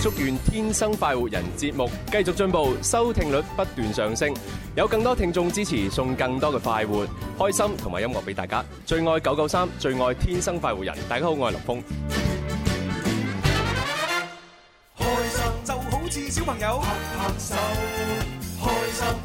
祝願《天生快活人》節目繼續進步，收聽率不斷上升，有更多聽眾支持，送更多嘅快活、開心同埋音樂俾大家。最愛九九三，最愛天生快活人。大家好，我係林峰。開心就好似小朋友拍拍手，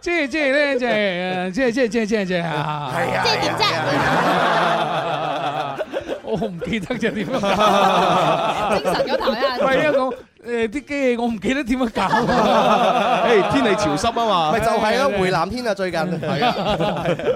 即係即係咧，即係即係即係即係即係即係啊！即係點啫？我唔記得咗點啊！ 精神咗頭啊！係啊，我。 誒，啲機器我唔記得點樣搞。誒，天氣潮濕啊嘛，咪就係咯，回南天啊，最近。係，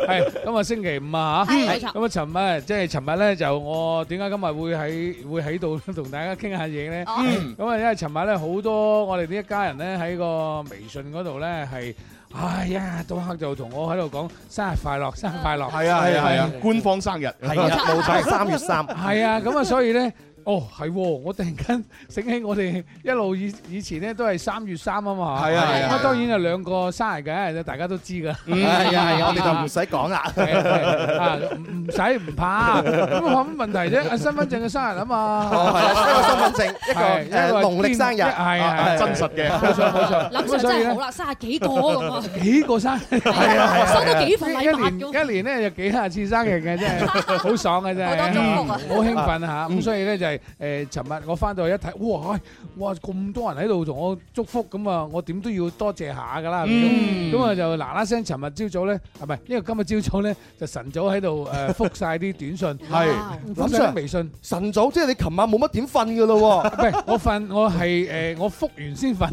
係。今日星期五啊嚇，係。咁啊，尋日即係尋日咧，就我點解今日會喺會喺度同大家傾下嘢咧？嗯。咁啊，因為尋日咧好多我哋啲一家人咧喺個微信嗰度咧係，哎呀，到客就同我喺度講生日快樂，生日快樂。係啊係啊係啊，官方生日，冇錯，三月三。係啊，咁啊，所以咧。哦，係喎！我突然間醒起，我哋一路以以前咧都係三月三啊嘛，咁啊當然係兩個生日嘅，大家都知㗎。嗯，係啊，係啊，我哋就唔使講啦，唔使唔怕，咁有乜問題啫？啊，身份證嘅生日啊嘛，一個身份證，一個一個農曆生日，係係真實嘅，冇錯冇錯。諗真真係好啦，三十幾個咁啊幾個生日，收到幾份禮物。一年一年咧就幾多次生日嘅，真係好爽嘅真係，好興奮嚇！咁所以咧就。誒，誒，尋日我翻到去一睇，哇，哇，咁多人喺度同我祝福，咁啊，我點都要多謝下噶啦，咁啊，就嗱嗱聲，尋日朝早咧，係咪？因為今日朝早咧，就晨早喺度誒，覆晒啲短信，係，翻上微信，林 sir，晨早，即係你琴晚冇乜點瞓噶咯？唔係，我瞓，我係誒，我覆完先瞓，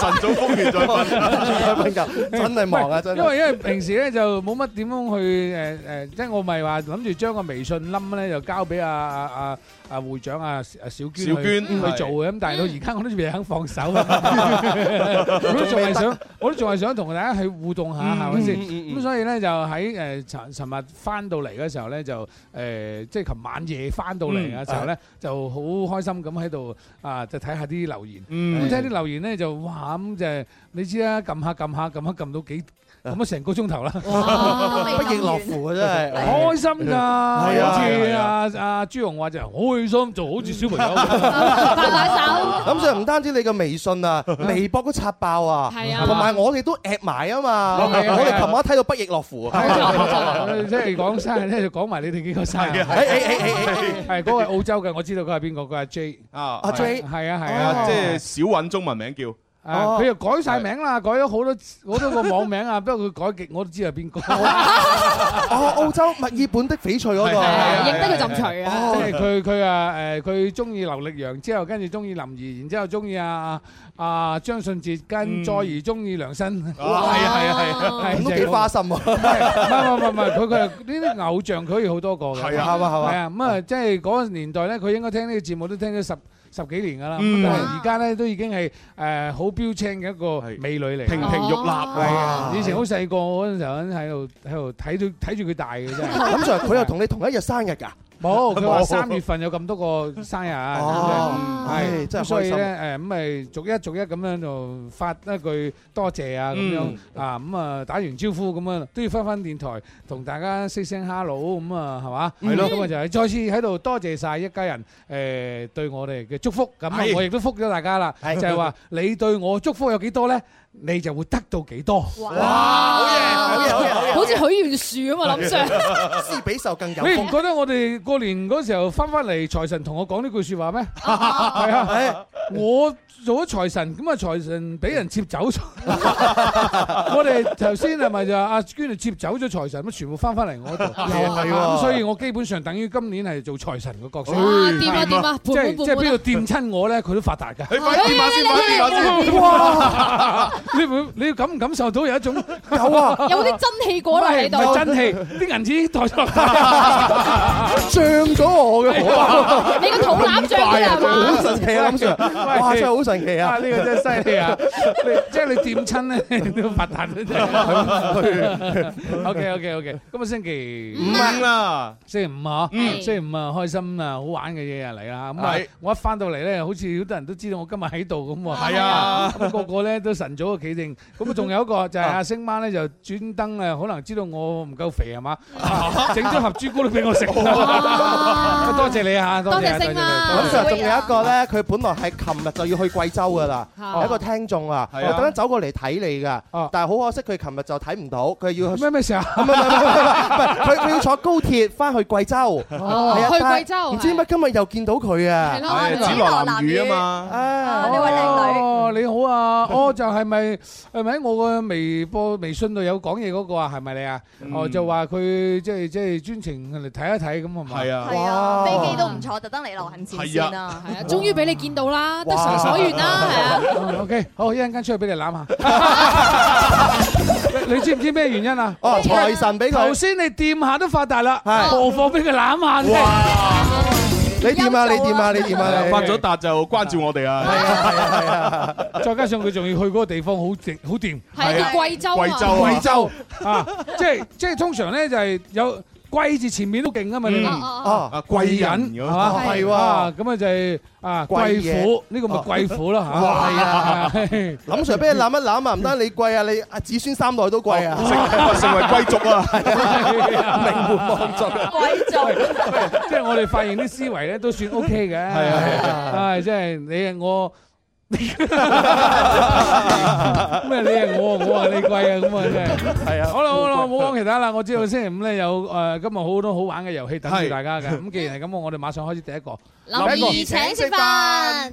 晨早覆完再瞓，再瞓入，真係忙啊，真係，因為因為平時咧就冇乜點樣去誒誒，即係我咪話諗住將個微信冧咧，就交俾阿阿。啊啊會長啊啊小娟，去去做嘅。咁，但係到而家我都仲係唔肯放手，我都仲係想，我都仲係想同大家去互動下，係咪先？咁所以咧就喺誒尋尋日翻到嚟嘅時候咧，就誒即係琴晚夜翻到嚟嘅時候咧，就好開心咁喺度啊，就睇下啲留言。咁睇啲留言咧就哇咁就係，你知啦，撳下撳下撳下撳到幾咁啊，成個鐘頭啦，不亦樂乎啊，真係，開心㗎，係啊，好似阿阿朱紅話就開心，做好似小朋友，拍下手。咁就唔單止你嘅微信啊、微博都刷爆啊，係啊，同埋我哋都 at 埋啊嘛，我哋琴晚睇到不亦樂乎啊，即係講生嘅咧就講埋你哋幾個生嘅，誒誒係嗰個澳洲嘅，我知道佢係邊個，佢阿 J，啊阿 J 係啊係啊，即係少揾中文名叫。佢又改曬名啦，改咗好多好多個網名啊！不過佢改極我都知係邊個。哦，澳洲墨爾本的翡翠嗰個，認得佢咁除啊。即係佢佢誒誒，佢中意劉力揚之後，跟住中意林怡，然之後中意啊啊張信哲，跟再而中意梁新。係啊係啊係啊，都幾花心啊！唔係唔係，佢佢呢啲偶像佢可以好多個嘅。係啊係啊係啊。係啊，咁啊即係嗰個年代咧，佢應該聽呢個節目都聽咗十十幾年噶啦，但係而家咧都已經係誒好標青嘅一個美女嚟，亭亭玉立。係啊哇，是以前好細個嗰陣時候喺度喺度睇住睇住佢大嘅啫。咁就佢又同你同一日生日㗎，啊。冇，佢話三月份有咁多個生日，係咁，所以咧誒，咁咪逐一逐一咁樣就發一句多謝啊，咁樣啊，咁啊打完招呼咁啊，都要翻返電台同大家 say 聲 hello 咁啊係嘛？係咯，咁啊就係再次喺度多謝晒一家人誒，對我哋嘅祝福，咁啊我亦都福咗大家啦，就係話你對我祝福有幾多咧？你就會得到幾多？哇！好似許願樹啊嘛，諗住施比受更有。你唔覺得我哋過年嗰時候翻翻嚟，財神同我講呢句説話咩？係啊，啊，啊，我做咗財神，咁啊財神俾人接走咗。 我哋頭先係咪就阿娟嚟接走咗財神？咁全部翻翻嚟我度。係啊，係啊。咁所以我基本上等於今年係做財神嘅角色。掂啊，掂啊，即係即係邊度掂親我咧？佢都發達㗎。你快掂翻先，先先先先先先 你會，你要感唔感受到有一種有啊，有啲真氣過嚟喺度，真氣啲銀紙袋張咗我嘅，你個肚腩張嘅係咪？好神奇啊，咁算啊，哇真係好神奇啊，呢個真係犀利啊，即係你掂親咧，你都發達。O K O K O K，今日星期五啦，星期五啊，嗯，星期五啊，開心啊，好玩嘅嘢嚟啊，咁啊，我一翻到嚟咧，好似好多人都知道我今日喺度咁喎，係啊，咁個個咧都晨早嘅。咁啊，仲有一個就係阿星媽咧，就專登誒，可能知道我唔夠肥係嘛，整咗盒朱古力俾我食。多謝你嚇，多謝星媽。咁仲有一個咧，佢本來係琴日就要去貴州㗎啦，一個聽眾啊，我等陣走過嚟睇你㗎。但係好可惜，佢琴日就睇唔到，佢要去咩咩事啊？唔係唔係唔係唔係，佢佢要坐高鐵翻去貴州。哦，去貴州。唔知點解今日又見到佢啊？係咯，紫羅蘭魚啊嘛。啊，你位靚女。哦，你好啊。哦，就係咪？係咪？我個微博、微信度有講嘢嗰個啊，係咪你啊？哦，就話佢即係即係專程嚟睇一睇咁，係咪啊？係啊，飛機都唔錯，特登嚟流，痕照先啊！係啊，終於俾你見到啦，得償所願啦，係啊。OK，好，一陣間出去俾你攬下。你知唔知咩原因啊？哦，財神俾佢。頭先你掂下都發達啦，係何妨俾佢攬下你點啊？你點啊？你點啊？發咗達就關注我哋啊！係啊係啊！啊！啊 再加上佢仲要去嗰個地方，好靜好掂，係啊貴州啊貴州啊貴州啊，即係即係通常咧就係、是、有。貴字前面都勁啊嘛，你哦，貴人，啊，啊，係嘛，咁啊就係啊貴婦，呢個咪貴婦咯，係啊，林 sir 畀你諗一諗啊，唔得、就是啊啊係,哎啊，你貴啊，你啊子孫三代都貴啊，成為貴族啊，名門望族，貴族，即係我哋發現啲思維咧都算 OK 嘅，係啊、uh,，係啊，唉，即係你我。咩？ 你，我我你 啊，我我啊，你貴啊，咁啊，真係係啊！好啦好啦，唔好講其他啦， 我知道星期五呢有誒，今日好多好玩嘅遊戲等住大家嘅。咁 既然係咁，我哋馬上開始第一個。林怡請食飯。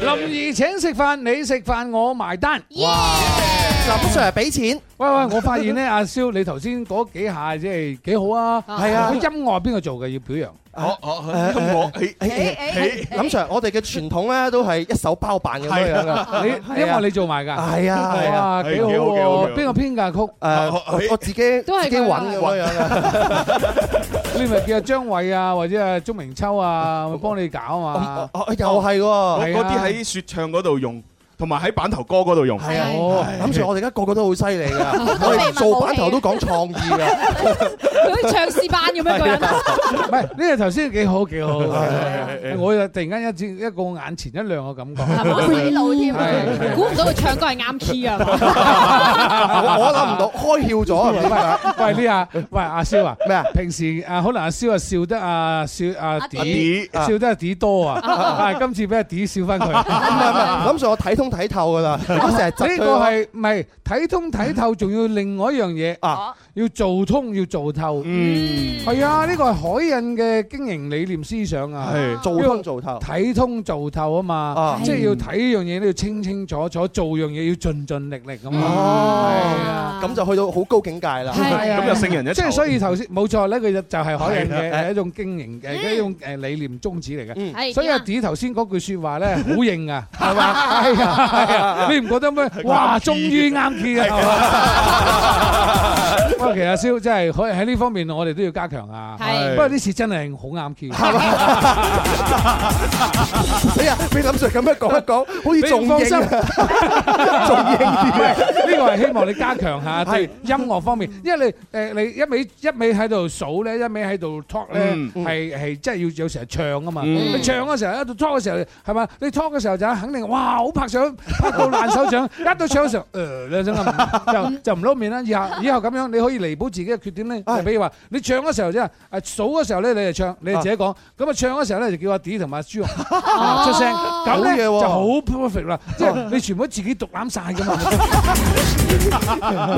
林怡，請食飯，你食飯我埋單。Yeah! 林 Sir 俾錢，喂喂，我發現咧，阿蕭，你頭先嗰幾下即係幾好啊，係啊，音樂邊個做嘅要表揚？哦哦，音樂，林 Sir，我哋嘅傳統咧都係一手包辦嘅咁樣噶，音樂你做埋㗎？係啊係啊，幾好幾好，邊個編㗎曲？誒，我自己自己揾咁樣噶，你咪叫阿張偉啊，或者阿鐘明秋啊，幫你搞啊嘛？又係喎，嗰啲喺説唱嗰度用。同埋喺板頭歌嗰度用，啊，諗住我哋而家個個都好犀利㗎，掃板頭都講創意㗎，唱詩班咁樣樣。唔係呢個頭先幾好幾好，我突然間一一一個眼前一亮嘅感覺。鬼佬添，估唔到佢唱歌係啱 key 啊！我諗唔到，開竅咗。喂呢啊，喂阿蕭啊，咩啊？平時誒可能阿蕭啊笑得啊笑啊笑得啊啲多啊，今次俾阿啲笑翻佢。諗住我睇通。睇透噶啦，成日呢個係唔係睇通睇透，仲要另外一樣嘢啊？要做通要做透，係啊！呢個係海印嘅經營理念思想啊，做通做透，睇通做透啊嘛，即係要睇呢樣嘢都要清清楚楚，做樣嘢要盡盡力力咁啊，咁就去到好高境界啦。咁就聖人一，即係所以頭先冇錯咧，佢就係海印嘅係一種經營嘅一種誒理念宗旨嚟嘅。所以啊，至於頭先嗰句説話咧，好應啊，係嘛？你唔覺得咩？哇！終於啱嘅，係嘛？其實阿蕭真係可以喺呢方面，我哋都要加強啊。係不過呢次真係好啱 key。係啊，你林 sir 咁樣講一講好似仲放心，仲認點？呢個係希望你加強下即係音樂方面，因為你誒你一味一味喺度數咧，一味喺度 talk 咧，係係即係要有成日唱啊嘛。你唱嘅時候，喺度 talk 嘅時候，係嘛？你 talk 嘅時候就肯定哇，好拍相拍到爛手掌，一到唱嘅時候，誒兩聲就就唔撈面啦。以後以後咁樣你去。可以彌補自己嘅缺點咧，就比如話，你唱嗰時候啫，數嗰時候咧，你就唱，你就自己講，咁啊唱嗰時候咧就叫阿 D 同埋阿豬出聲，咁樣就好 perfect 啦，即係你全部自己獨攬曬㗎嘛，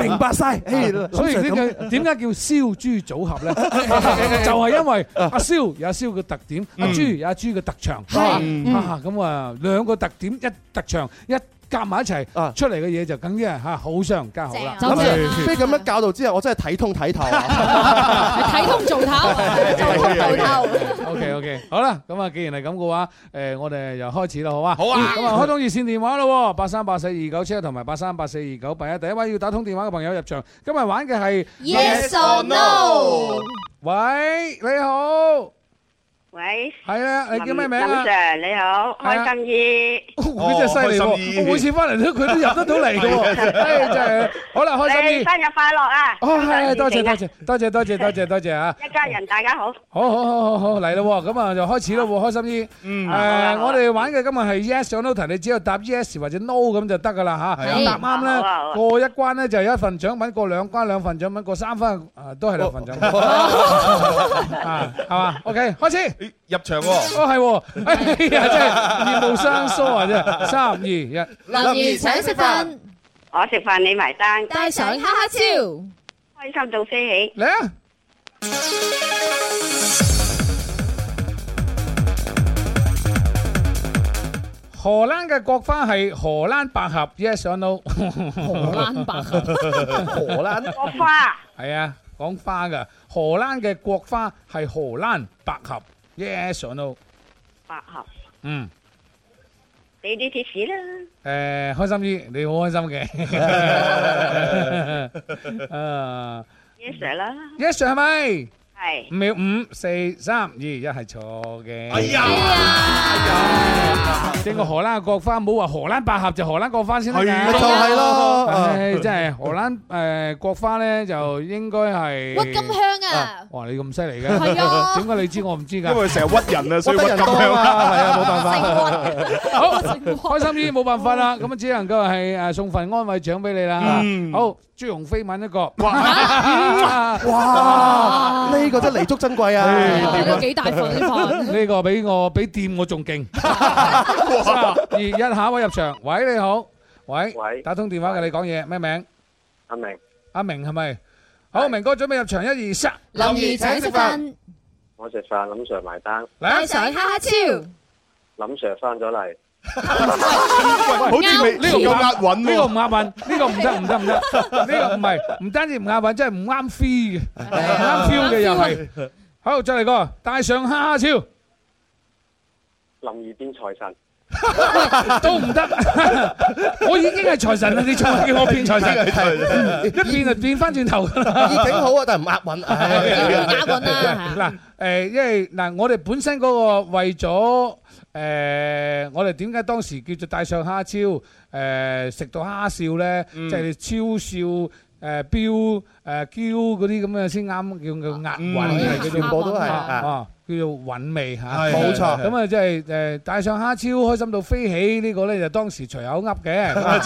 明白曬。所以呢個點解叫燒豬組合咧？就係因為阿燒有阿燒嘅特點，阿豬有阿豬嘅特長，係嘛啊咁啊兩個特點一特長一。夾埋一齊，出嚟嘅嘢就等於係嚇好上加好啦。咁，非咁樣教導之後，我真係睇通睇透、啊，睇通做透，做通做透。OK OK，好啦，咁啊，既然係咁嘅話，誒，我哋又開始啦，好嗎？好啊。咁啊，開通熱線電話咯，八三八四二九七同埋八三八四二九八啊，第一位要打通電話嘅朋友入場。今日玩嘅係 Yes, Yes or No。喂，你好。喂，係啊，你叫咩名啊？林 sir 你好，開心姨。哦，開心姨，佢真係犀利喎，每次翻嚟都佢都入得到嚟嘅喎，真係真係。好啦，開心姨，生日快樂啊！哦，係，多謝多謝，多謝多謝多謝多謝啊！一家人大家好。好好好好好，嚟啦，咁啊就開始啦，開心姨。嗯，誒，我哋玩嘅今日係 yes or no 呢？你只要答 yes 或者 no 咁就得噶啦吓。係。答啱咧，過一關咧就有一份獎品，過兩關兩份獎品，過三關啊都係兩份獎品。啊，係嘛？OK，開始。入場喎，哦係，哎呀真係二無三疏啊，真係三二一。例如想食飯，我食飯你埋單，帶上哈哈笑，開心到飛起。嚟啊？荷蘭嘅國花係荷蘭百合，Yes，I know。荷蘭百合，荷蘭國花。係啊，講花噶，荷蘭嘅國花係荷蘭百合。yes or no？百合。嗯。俾啲貼士啦。誒，開心啲，你好開心嘅。啊。yes sir 啦。yes sir 係咪？係五秒，五四三二一，係錯嘅。哎呀！整個荷蘭國花，冇話荷蘭百合就荷蘭國花先得嘅。係咪就係咯？唉，真係荷蘭誒國花咧，就應該係鬱金香啊！哇，你咁犀利嘅，點解你知我唔知噶？因為佢成日屈人啊，所以鬱金香啦，係啊，冇辦法。好開心啲，冇辦法啦，咁啊，只能夠係誒送份安慰獎俾你啦。嗯。好，朱紅飛吻一個。哇！哇！呢～覺得彌足珍貴啊！有幾大份呢個？呢個俾我俾店我仲勁。二一下位入場，喂你好，喂喂，打通電話嘅你講嘢，咩名？阿明，阿明係咪？好，明哥準備入場，一二三，林怡請食飯。我食飯，林 sir 埋單。阿 sir，哈哈超。林 sir 翻咗嚟。好似未呢個叫押韻，呢個唔押韻，呢個唔得唔得唔得，呢個唔係唔單止唔押韻，真係唔啱 feel 嘅，唔啱 feel 嘅又係。好，再嚟個帶上哈哈超，林 sir 變財神，都唔得，我已經係財神啦，你仲叫我變財神，一變就變翻轉頭啦。意境好啊，但係唔押韻，唔押韻啦。嗱，誒，因為嗱，我哋本身嗰個為咗。誒、呃，我哋點解當時叫做帶上蝦超誒，食、呃、到蝦笑咧？嗯、即係超笑誒、呃、標。誒嬌嗰啲咁嘅先啱，叫叫押韻嘅，全部都係哦，叫做韻味嚇，冇錯。咁啊，即係誒帶上哈超，開心到飛起呢個咧，就當時隨口噏嘅。但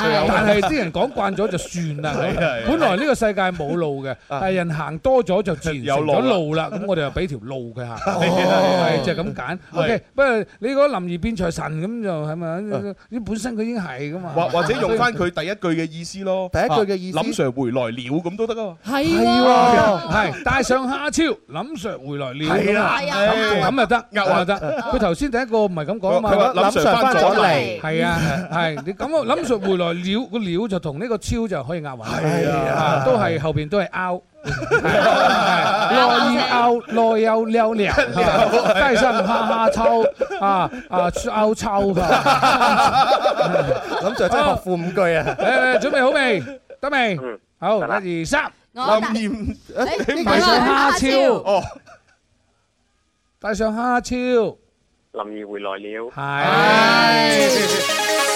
係啲人講慣咗就算啦。係係係。本來呢個世界冇路嘅，但係人行多咗就自然有路啦。咁我哋又俾條路佢嚇，係就咁揀。OK，不過你講林兒變財神咁就係咪？啲本身佢已經係噶嘛。或或者用翻佢第一句嘅意思咯。第一句嘅意思。林 Sir 回來了咁都得啊。係係，帶上蝦超，林 sir 回來了，諗就諗就得，押韻得。佢頭先第一個唔係咁講嘛，林 sir 翻咗嚟，係啊，係你咁啊，林 sir 回來了個了就同呢個超就可以押韻，都係後邊都係拗，內拗內拗，撩娘，帶上蝦超啊啊拗抽，林 sir 真係學富五句啊！準備好未？得未？好，一、二、三。林豔，點唔係上蝦超？哦，帶上蝦超，林豔回來了。係，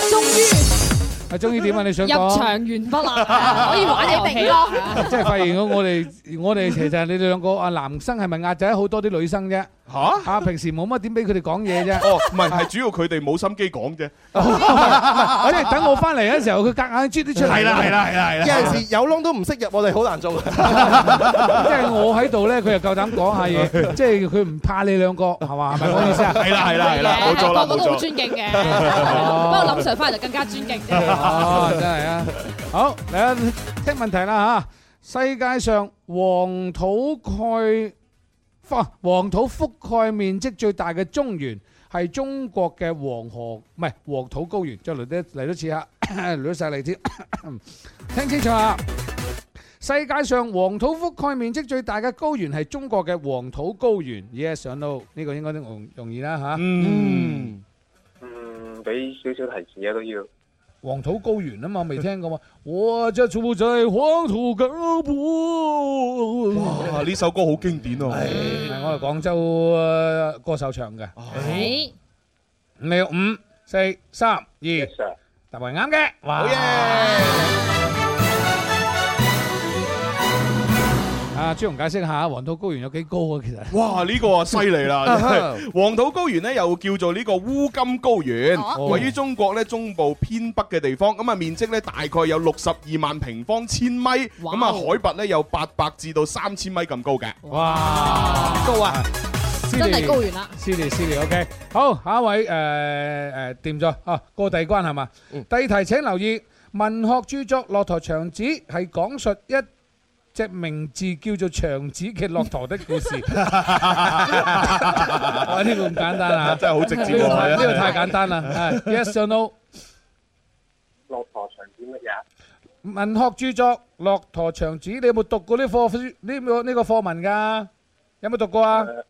終於。啊，鍾意點啊！你想入場完畢啦，可以玩起地咯。即係發現咗我哋，我哋其實你哋兩個啊男生係咪壓仔好多啲女生啫？嚇！啊，平時冇乜點俾佢哋講嘢啫。哦，唔係，係主要佢哋冇心機講啫。等我翻嚟嘅時候，佢隔硬鑽啲出嚟。係啦，係啦，係啦，係啦。有時有窿都唔識入，我哋好難做。即係我喺度咧，佢又夠膽講下嘢。即係佢唔怕你兩個，係嘛？係咪咁意思啊？係啦，係啦，係啦，好做啦。我講都好尊敬嘅，不過林 Sir 翻嚟就更加尊敬。哦，真係啊！好嚟啊，聽問題啦吓。世界上黃土蓋覆黃土覆蓋面積最大嘅中原係中國嘅黃河，唔係黃土高原。再嚟多嚟多次啊，捋晒荔枝。聽清楚啊！世界上黃土覆蓋面積最大嘅高原係中國嘅黃土高原。而家上到呢個應該都容容易啦吓。嗯，嗯，俾少少提示啊都要。黃土高原啊嘛，未聽過嘛，我即係住在黃土高坡。哇，呢首歌好經典咯，啊，係，哎哎，我哋廣州歌手唱嘅。Wow. 好，六五四三二，答埋啱嘅，好嘢。阿、啊、朱紅解釋下黃土高原有幾高啊？其實，哇！呢、這個啊，犀利啦！黃土高原呢，又叫做呢個烏金高原，哦、位於中國咧中部偏北嘅地方。咁啊，面積咧大概有六十二萬平方千米，咁啊哇，海拔咧有八百至到三千米咁高嘅。哇！高啊！高啊的真係高原啦！撕裂，撕裂，OK。好，下一位誒誒掂咗啊，過第關係嘛？嗯、第二題請留意文學著作《駱駝祥子》係講述一。的名字叫做《祥子嘅駱駝的故事》， 哇！呢、這個咁簡單啊， 真係好直接呢、 這個這個太簡單啦。 yes or no？駱駝祥子乜嘢？文學著作《駱駝祥子》，你有冇讀過呢課呢呢、這個這個課文㗎？有冇讀過啊、呃？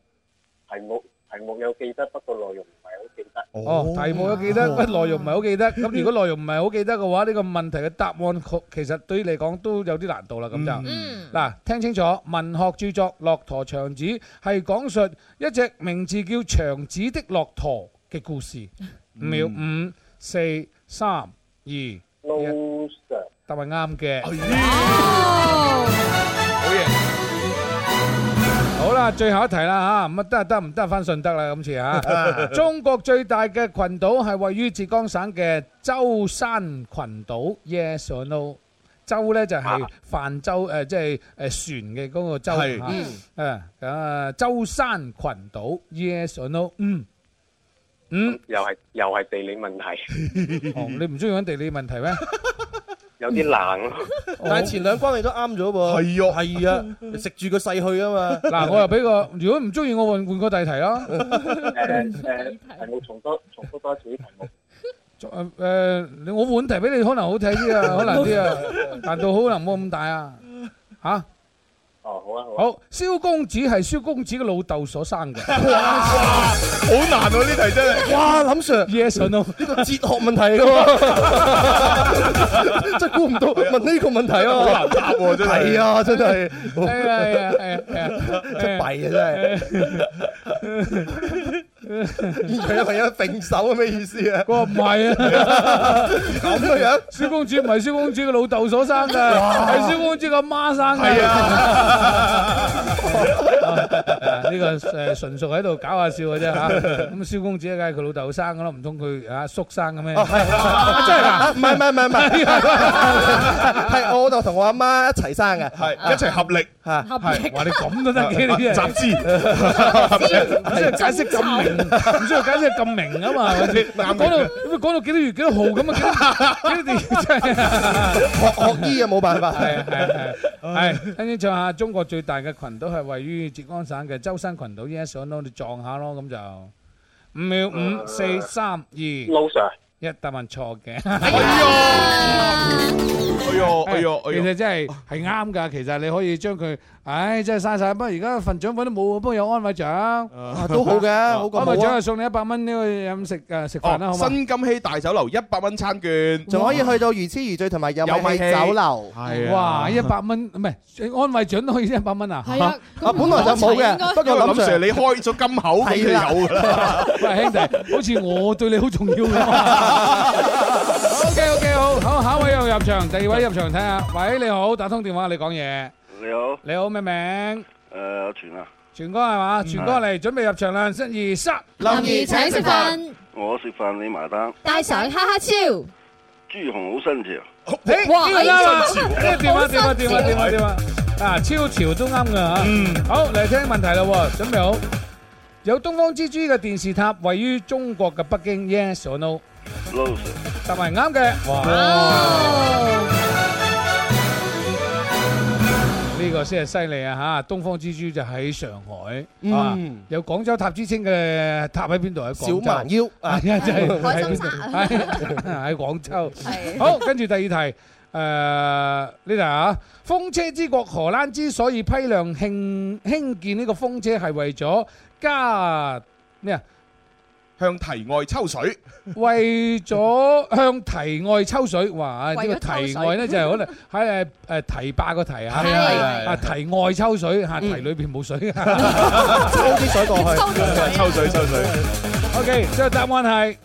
題目題目有記得，不過內容。哦，題目都記得，內容唔係好記得。咁如果內容唔係好記得嘅話，呢個問題嘅答案確其實對你嚟講都有啲難度啦。咁就，嗱，聽清楚，文學著作《駱駝祥子》係講述一隻名字叫祥子的駱駝嘅故事。五秒五、四、三、二、一，答係啱嘅。好啦，最後一題啦吓，咁啊，都係都係唔得翻順德啦今次吓。中國最大嘅群島係位於浙江省嘅舟山群島。Yes or no？舟咧就係泛舟誒，即係誒船嘅嗰個舟吓。誒啊，舟山群島。Yes or no？嗯嗯，又係又係地理問題。哦，你唔中意講地理問題咩？有啲冷， 但係前兩關你都啱咗噃，係啊，係 啊，你食住 個勢去啊嘛。嗱， 我又俾個，如果唔中意我換換個大題啦。誒 誒、呃，題、呃、目重複重複多一次題目。誒誒、 呃，我換題俾你，可能好睇啲啊， 可能啲啊， 難度可能冇咁大啊，吓、啊。好啊，好啊。蕭、啊、公子係蕭公子嘅老豆所生嘅。 哇， 好難喎、啊、呢題真係。哇，林 Sir，Yes Sir，呢個哲學問題咯、啊， 真係估唔到問呢個問題咯、啊。 好難答喎，真係。啊，真係。係啊，係啊，真係廢啊真係是。 現場又有定手咩意思啊？我話唔係啊，咁嘅樣，蕭公主唔係蕭公主嘅老豆所生噶，係蕭公主個媽生嘅。係啊，呢個誒純屬喺度搞下笑嘅啫吓。咁蕭公主梗係佢老豆生噶啦，唔通佢阿叔生嘅咩？哦，係真係啊？唔係唔係唔係唔係，係我老豆同我阿媽一齊生嘅，一齊合力。係，話你咁都得嘅，你啲集資，唔需要解釋咁明，唔需要解釋咁明啊嘛，係咪先？講到講到幾多月幾多號咁啊？學學醫啊，冇辦法，係係係係。跟住唱下中國最大嘅群島係位於浙江省嘅舟山群島，依家想攞你撞下咯，咁就五秒五四三二，一，答案錯嘅。哎呦，哎呦，哎呦，其實真係係啱㗎。其實你可以將佢，唉，真係嘥晒。不過而家份獎品都冇，不過有安慰獎，都好嘅，好過。安慰獎係送你一百蚊呢個飲食嘅食飯啦，好嘛？新金禧大酒樓一百蚊餐券，仲可以去到如痴如醉同埋有米酒樓。係哇，一百蚊唔係安慰獎都可以一百蚊啊？係啊，本來就冇嘅，不過林 Sir 你開咗金口，已經有㗎啦。喂，兄弟，好似我對你好重要嘅。OK，OK。好，下一位又入場，第二位入場睇下。喂，你好，打通電話，你講嘢。你好。你好，咩名？誒，阿全啊。全哥係嘛？全哥嚟，準備入場啦。一二三，林如請食飯。我食飯，你埋單。大傻哈哈超。朱紅好新潮。哇！呢個呢個電話電話電話電話電話啊！超潮都啱㗎吓。嗯。好嚟，聽問題咯，準備好。有東方之珠嘅電視塔位於中國嘅北京。Yes or no？答埋啱嘅，哇！呢個先係犀利啊吓！東方之珠就喺上海，嗯，有廣州塔之稱嘅塔喺邊度？喺廣州。小蠻腰啊，真係開心晒，喺廣州。好，跟住第二題，誒，呢題啊，風車之國荷蘭之所以批量興，興建呢個風車，係為咗加咩啊？向堤外抽水，為咗向堤外抽水，話呢個堤外咧就係可能喺誒誒堤壩個堤啊，啊堤外抽水吓，堤裏邊冇水，抽啲水過去，抽水抽水。O K，即係答案係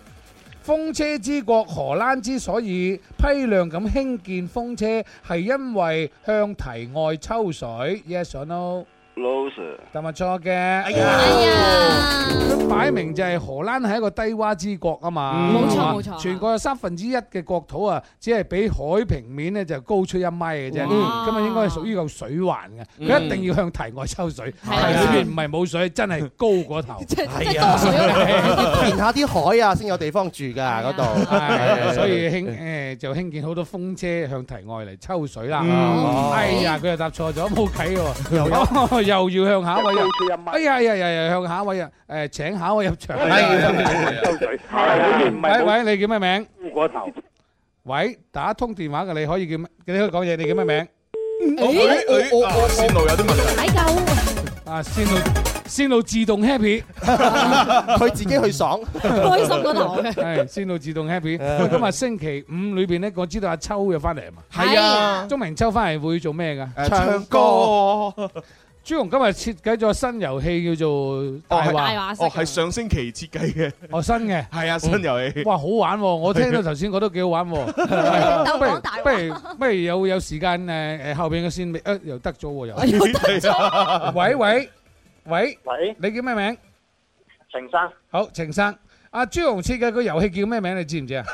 風車之國荷蘭之所以批量咁興建風車，係因為向堤外抽水。Yes or no？老實，但係錯嘅。哎呀，佢擺明就係荷蘭係一個低窪之國啊嘛。冇錯冇錯，全國有三分之一嘅國土啊，只係比海平面咧就高出一米嘅啫。咁啊應該係屬於個水環嘅，佢一定要向堤外抽水。係，唔係冇水，真係高過頭。係啊，填下啲海啊先有地方住㗎嗰度。係啊，所以興誒就興建好多風車向堤外嚟抽水啦。嗯，哎呀，佢又搭錯咗，冇計喎。又要向下一位，哎呀呀呀，向下一位啊！誒請下一位入場。收嘴。係。喂，你叫咩名？過頭。喂，打通電話嘅你可以叫咩，你可以講嘢，你叫咩名？咦？我我線路有啲問題。唔使救。啊，線路線路自動 happy，佢自己去爽，開心嗰度。係線路自動 happy。今日星期五裏邊咧，我知道阿秋又翻嚟啊嘛。係啊，鐘明秋翻嚟會做咩㗎？誒唱歌。朱紅今日設計咗個新遊戲，叫做大話，哦係上星期設計嘅，哦新嘅，係啊新遊戲，哇好玩，我聽到頭先，覺得幾好玩，鬥講大話，不如，不如有有時間誒誒後邊嘅先，誒又得咗又，喂喂喂喂，你叫咩名？程生，好程生，阿朱紅設計個遊戲叫咩名？你知唔知啊？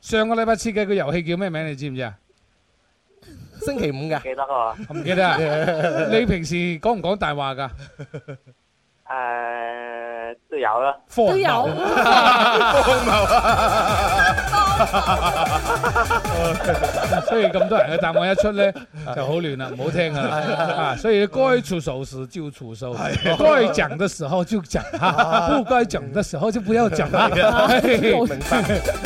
上個禮拜設計個遊戲叫咩名？你知唔知啊？星期五嘅，記得喎，唔記得啊？你平時講唔講大話噶？誒都有啦，都有。所以咁多人嘅答案一出咧，就好亂啦，唔好聽啊！啊，所以該出手時就出手，該講嘅時候就講，不該講嘅時候就不要講。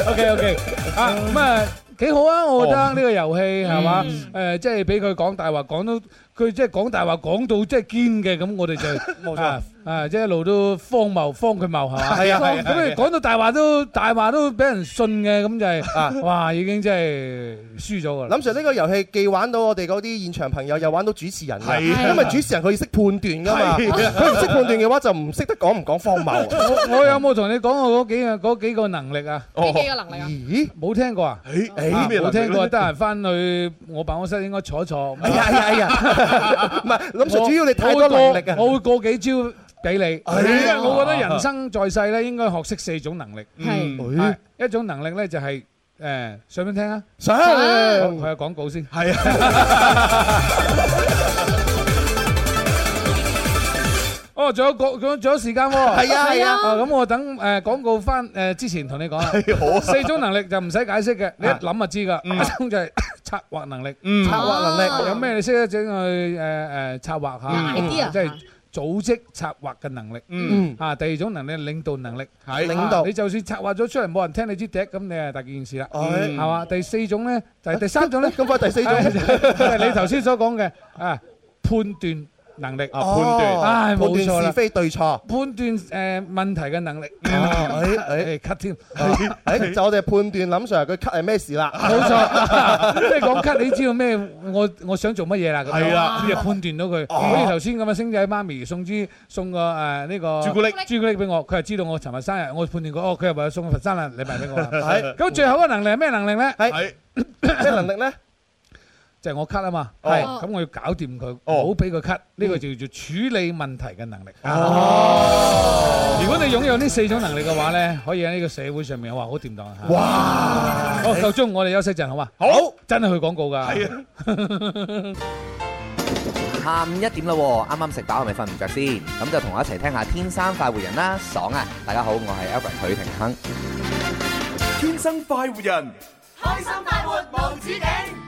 OK，OK，啊，咁啊。幾好啊！我覺得呢個遊戲係嘛，誒，即係畀佢講大話講到佢即係講大話講到即係堅嘅咁，我哋就冇辦法。 uh. 啊！即係一路都荒謬、荒佢謬嚇嘛？係啊！不如講到大話都大話都俾人信嘅咁就係啊！哇！已經真係輸咗噶啦！林 Sir 呢個遊戲既玩到我哋嗰啲現場朋友，又玩到主持人。係因為主持人佢識判斷㗎嘛，佢唔識判斷嘅話就唔識得講唔講荒謬。我我有冇同你講過嗰幾嘅嗰幾個能力啊？邊幾個能力啊？咦？冇聽過啊？誒冇聽過，得閒翻去我辦公室應該坐一坐。係啊係啊係啊！唔係林 Sir 主要你睇緊我，我會過幾招。俾你，我覺得人生在世咧，應該學識四種能力。係一種能力咧，就係誒，想唔想聽啊？想，佢有廣告先。係啊。哦，仲有個仲仲有時間喎。係啊係啊。啊咁，我等誒廣告翻誒之前同你講啦。係，好。四種能力就唔使解釋嘅，你一諗就知㗎。一種就係策劃能力，策劃能力有咩你識得整去誒誒策劃下，即係。組織策，策劃嘅能力，嗯，啊，第二種能力，領導能力，係領導、啊，你就算策劃咗出嚟，冇人聽你支笛，咁你係大件事啦，係嘛、嗯？第四種咧就係、是、第三種咧，咁講 第四種，就係 你頭先所講嘅 啊，判斷。能力啊，判斷，判斷是非對錯，判斷誒問題嘅能力。哎哎咳添，哎就我哋判斷林 sir 佢咳係咩事啦？冇錯，即係講咳，你知道咩？我我想做乜嘢啦？係啦，你判斷到佢，好似頭先咁啊，星仔媽咪送支送個誒呢個朱古力朱古力俾我，佢係知道我尋日生日，我判斷過哦，佢係為送個生日禮物俾我。係，咁最後嘅能力係咩能力咧？係咩能力咧？就係我咳啊嘛，係，咁我要搞掂佢，唔好俾佢咳，呢個就叫做處理問題嘅能力。哦，如果你擁有呢四種能力嘅話咧，可以喺呢個社會上面話好掂噹啊！哇，好夠鐘，我哋休息陣好嘛？好，真係去廣告噶。係啊，下午一點啦，啱啱食飽，係咪瞓唔着先？咁就同我一齊聽下《天生快活人》啦，爽啊！大家好，我係 Albert 許廷鏗，《天生快活人》，開心快活無止境。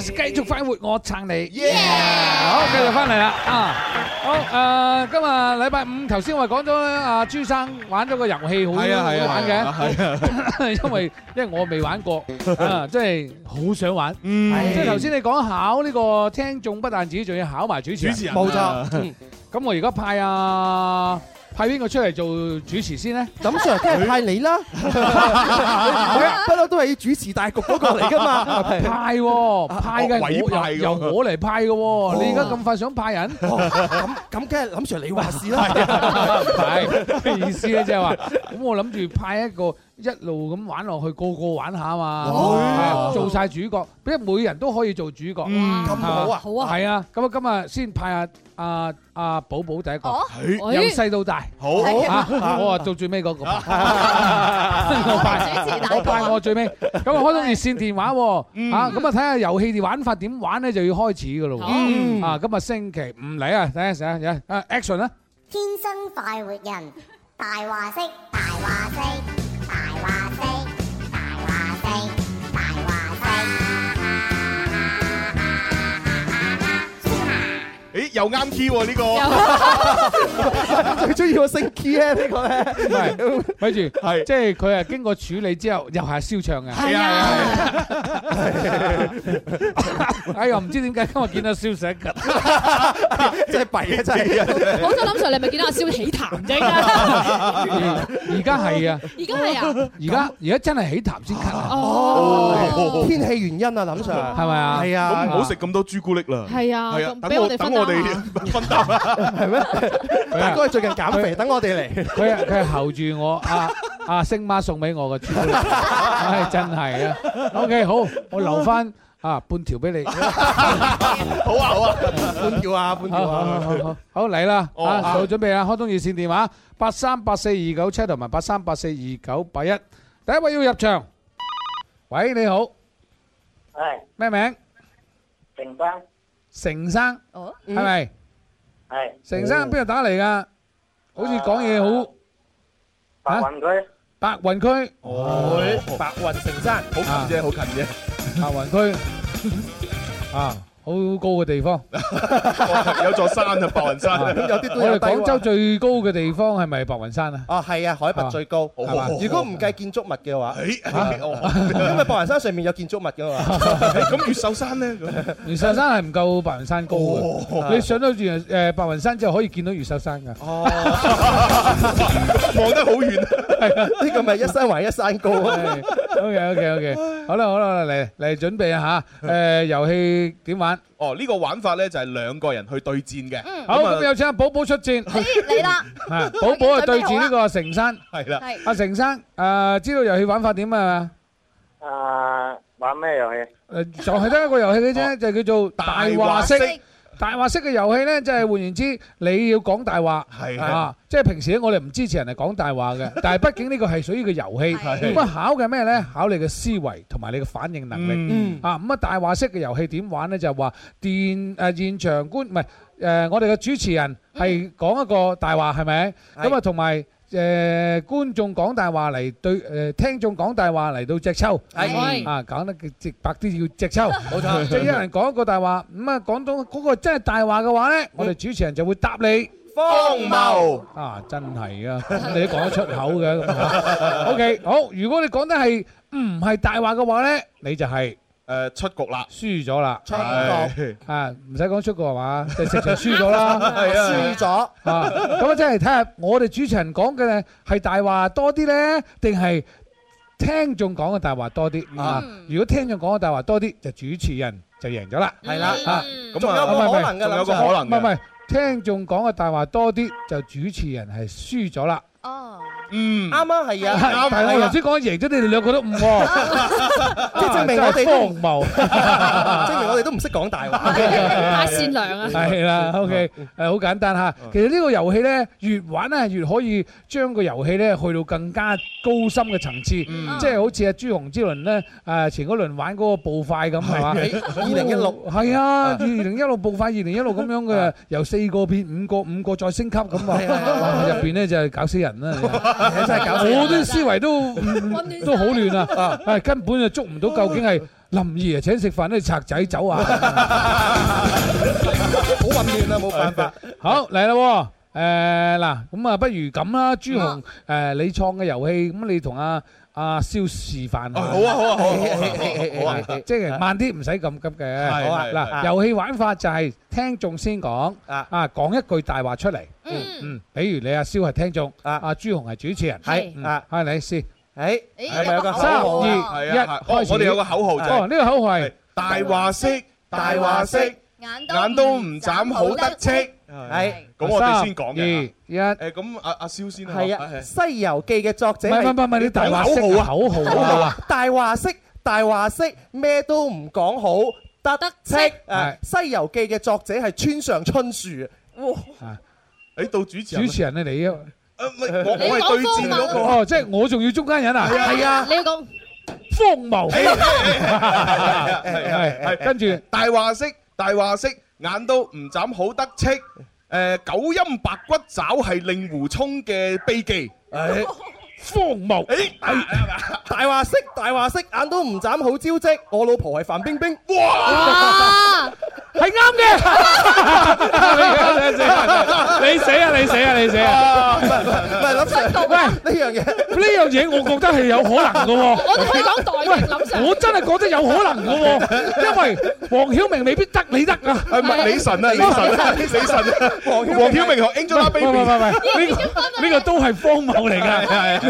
繼續快活，我撐你。好，繼續翻嚟啦。啊，好誒，今日禮拜五，頭先我講咗阿朱生玩咗個遊戲，好好玩嘅。係啊，因為因為我未玩過啊，即係好想玩。嗯，即係頭先你講考呢個聽眾不但止，仲要考埋主持人。主持人冇錯。咁我而家派啊。派邊個出嚟做主持先咧？林 Sir，梗係派你啦，不嬲 都係要主持大局嗰個嚟噶嘛？派、啊、派嘅，委、啊、派由我嚟派嘅、啊。哦、你而家咁快想派人？咁咁梗係林 Sir 你話事啦。係咩 意思咧？即係話，咁我諗住派一個。一路咁玩落去，個個玩下啊嘛，做曬主角，即係每人都可以做主角。咁好啊，好啊。係啊，咁啊，今日先派阿阿阿寶寶第一個，由細到大。好啊，我話做最尾嗰個。我派我最尾。咁啊，開咗熱線電話喎。嚇，咁啊，睇下遊戲嘅玩法點玩咧，就要開始噶咯。啊，今日星期五嚟啊，等陣先，啊，action 啦！天生快活人，大話識。又啱 key 呢個，最中意我升 key 咧呢個咧，唔係，睇住係，即係佢係經過處理之後，又係燒唱嘅。係啊，啊，哎呀，唔知點解今日見到燒死一格，真係弊啊真係。我想林 Sir，你咪見到阿燒起痰啫。而家係啊，而家係啊，而家而家真係起痰先咳。哦，天氣原因啊，林 Sir，係咪啊？係啊，唔好食咁多朱古力啦。係啊，係啊，等我哋。奮鬥啊，係、啊、咩？應該係最近減肥，等我哋嚟。佢佢係侯住我，阿阿星媽送俾我嘅。唉，真係啊。 OK，好，我留翻啊半條俾你條、啊好。好啊，好啊，半條啊，半條。好，好，好，嚟啦，啊，做好準備啊，開通熱線電話八三八四二九七同埋八三八四二九八一。99, man, 81, 第一位要入場，喂，你好，係 Hi,，咩名？程班。成生係咪？係成生邊度打嚟噶？好似講嘢好白雲區，白雲區哦，白雲成生，好近啫，好近啫，白雲區啊。好高嘅地方，有座山啊，白雲山啊，有啲都係。我哋廣州最高嘅地方係咪白雲山啊？哦係啊，海拔最高。如果唔計建築物嘅話，因為白雲山上面有建築物嘅嘛，咁越秀山咧？越秀山係唔夠白雲山高嘅。你上到住誒白雲山之後，可以見到越秀山噶。哦，望得好遠啊！呢個咪一山還一山高啊！OK OK OK，好啦好啦嚟嚟，準備啊吓，誒遊戲點玩？哦，呢個玩法咧就係兩個人去對戰嘅。好，咁有請阿寶寶出戰，你啦，寶寶啊對住呢個阿成山，係啦，阿成山，誒，知道遊戲玩法點啊？誒，玩咩遊戲？誒，就係得一個遊戲嘅啫，就叫做大話識。大話式嘅遊戲呢，就係、是、換言之，你要講大話，的啊，即、就、係、是、平時我哋唔支持人哋講大話嘅。 但係畢竟呢個係屬於個遊戲，咁啊 的考嘅咩呢？考你嘅思維同埋你嘅反應能力。嗯、啊，咁啊大話式嘅遊戲點玩呢？就係、是、話電誒現場觀唔係誒，我哋嘅主持人係講一個大話係咪？咁啊同埋。的誒觀眾講大話嚟對，誒聽眾講大話嚟到直抽，係啊，講得直白啲叫直抽，冇錯。即係一人講一個大話，咁啊講到嗰個真係大話嘅話咧，我哋主持人就會答你荒謬啊！真係啊，你都講得出口嘅。OK，好，如果你講得係唔係大話嘅話咧，你就係。誒，出局啦，輸咗啦，出局啊，唔使講出局係嘛，就直情輸咗啦，輸咗啊，咁啊即係睇下我哋主持人講嘅係大話多啲咧，定係聽眾講嘅大話多啲啊？如果聽眾講嘅大話多啲，就主持人就贏咗啦，係啦，咁啊有個可能，唔係唔係唔係，聽眾講嘅大話多啲，就主持人係輸咗啦。哦。嗯，啱啊，係啊，啱啊，頭先講贏咗，你哋兩個都唔喎，即係證明我哋荒謬，證明我哋都唔識講大話，太善良啊！係啦，OK，誒，好簡單吓。其實呢個遊戲咧，越玩咧越可以將個遊戲咧去到更加高深嘅層次，即係好似阿朱紅之輪咧，誒，前嗰輪玩嗰個步快咁係嘛？二零一六，係啊，二零一六步快，二零一六咁樣嘅，由四個變五個，五個再升級咁啊，入邊咧就係搞死人啦。 我啲思維都唔都好亂啊！啊，根本就捉唔到，究竟係林姨請食飯呢？你賊仔走啊！ 好混亂啊，冇辦法。 好嚟啦，誒嗱，咁、呃呃、啊，不如咁啦，朱紅誒你創嘅遊戲，咁你同阿阿蕭示範下啊，好啊，好啊，好啊，好即、啊、係、啊啊啊、 慢啲，唔使咁急嘅。係 是，嗱， 遊戲玩法就係聽眾先講啊，講一句大話出嚟。嗯，比如你阿蕭係聽眾，阿阿朱紅係主持人，係啊，係你先，誒，係咪有個三二一，開始，我哋有個口號啫，哦，呢個口號係大話識，大話識，眼都唔眨好得戚，係，咁我哋先講嘅，二一，誒，咁阿阿蕭先啦，係啊，《西遊記》嘅作者，唔唔唔，你口號啊，口號啊，大話識，大話識，咩都唔講好，得得戚，誒，《西遊記》嘅作者係村上春樹，哇。喺到主持人，主持人啊你啊，我係對戰嗰個，即係我仲要中間人啊，係啊，你講荒謬，跟住大話識，大話識，眼都唔眨，好得戚，誒、呃，九陰白骨爪係令狐沖嘅秘笈，誒、哎。 荒謬！誒，大話識，大話識，眼都唔眨，好招積。我老婆係范冰冰，哇，係啱嘅。你死啊！你死啊！你死啊！唔係諗住喂呢樣嘢，呢樣嘢我覺得係有可能噶。我都可以講代。喂，諗住我真係覺得有可能噶，因為黃曉明未必得，你得啊？係咪李晨啊？李晨，啊！李晨，啊！黃曉明學 Angelababy，唔係唔係唔係，呢個呢個都係荒謬嚟噶，係。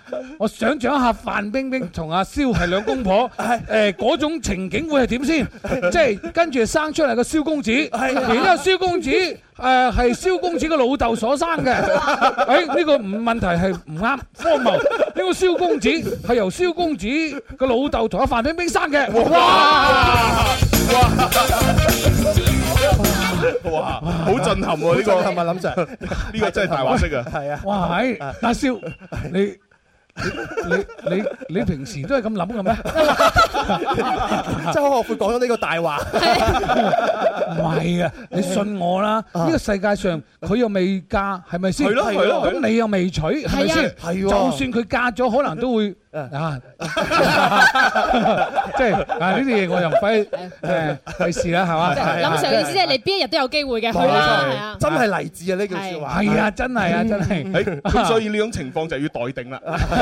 我想象一下，范冰冰同阿蕭係兩公婆，誒，嗰種情景會係點先？即係跟住生出嚟個蕭公子，的啊、然之後蕭公子誒係蕭公子嘅老豆所生嘅。誒、哎、呢、這個唔問題係唔啱，荒謬。呢個蕭公子係由蕭公子嘅老豆同阿范冰冰生嘅。哇！哇！哇！好震撼喎！呢個係咪林 Sir？呢個真係大話識嘅。係啊。哇！阿蕭你。你你你你平時都係咁諗嘅咩？真係好後悔講咗呢個大話。唔係啊，你信我啦。呢個世界上佢又未嫁，係咪先？係咯，係咯。咁你又未娶，係咪先？係啊。就算佢嫁咗，可能都會啊。即係啊，呢啲嘢我又唔使誒費事啦，係嘛？諗上意思即係你邊一日都有機會嘅，冇錯。真係勵志啊！呢句說話係啊，真係啊，真係。咁所以呢種情況就要待定啦。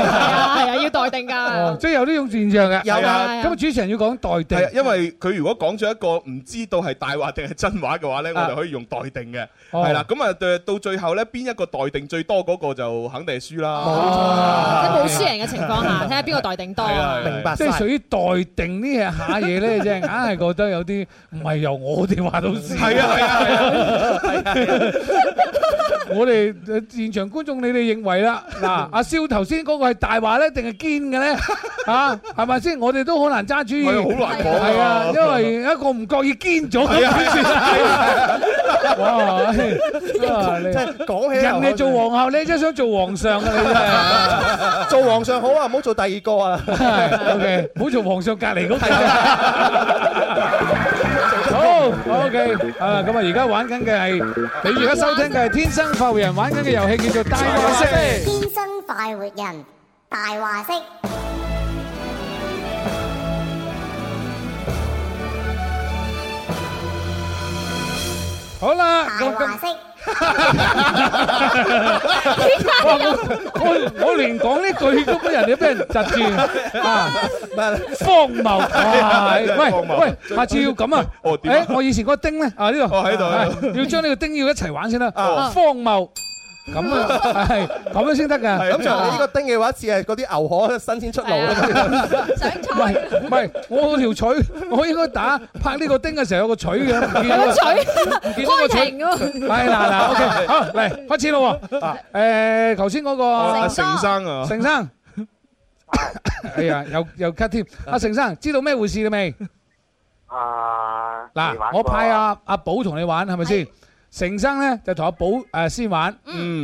係啊，係啊，要待定噶，即係有呢種現象嘅。有啊，咁主持人要講待定，因為佢如果講咗一個唔知道係大話定係真話嘅話咧，我哋可以用待定嘅，係啦。咁啊到到最後咧，邊一個待定最多嗰個就肯定係輸啦。冇喺冇輸贏嘅情況下，睇下邊個待定多。明白。即係屬於待定呢嘢下嘢咧，即係硬係覺得有啲唔係由我哋話到事。係啊係啊。我哋現場觀眾，你哋認為啦、啊，嗱、啊，阿少頭先嗰個係大話咧，定係堅嘅咧？嚇、啊，係咪先？我哋都好難揸主意，好難講，係啊，因為一個唔覺意堅咗佢。一對對對對哇！講、啊、起人哋做皇后，你真係想做皇上啊！你真係做皇上好啊，唔好做第二個啊一一！OK，唔好做皇上隔籬嗰個。一一一 O.K.，啊，咁啊，而家玩緊嘅係，你而家收聽嘅係《天生快活人》，玩緊嘅遊戲叫做大話識。天生快活人大話識。好啦，大話識。我我我連講呢句都俾人哋俾人窒住啊！荒謬，喂喂，下次要咁啊！誒，我以前嗰個釘咧啊呢度，我喺度，要將呢個釘要一齊玩先啦。荒謬。咁啊，係咁樣先得㗎。咁就呢個釘嘅話，似係嗰啲牛河新鮮出爐咁樣。上菜唔係，我條鎚，我應該打拍呢個釘嘅時候有個鎚嘅，冇鎚、那個，愛情噶嘛。係嗱嗱，OK，啊、好嚟開始咯。誒、啊，頭先嗰個阿成生啊，成，成生，哎呀，又又 cut 添。阿、啊、成生，知道咩回事嘅未？啊，嗱，我派阿阿寶同你玩，係咪先？成生咧就同阿寶誒先玩，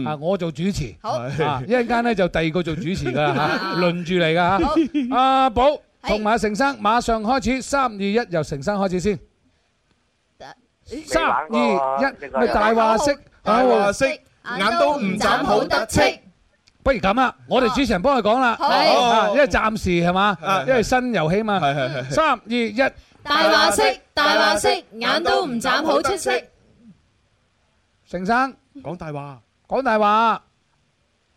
啊我做主持，一陣間咧就第二個做主持噶啦吓，輪住嚟噶吓。阿寶同埋阿成生馬上開始，三二一，由成生開始先。三二一，咪大話識，大話識，眼都唔眨好得戚。不如咁啦，我哋主持人幫佢講啦，因為暫時係嘛，因為新遊戲嘛。係係係。三二一，大話識，大話識，眼都唔眨好出色。成生，講大話，講大話。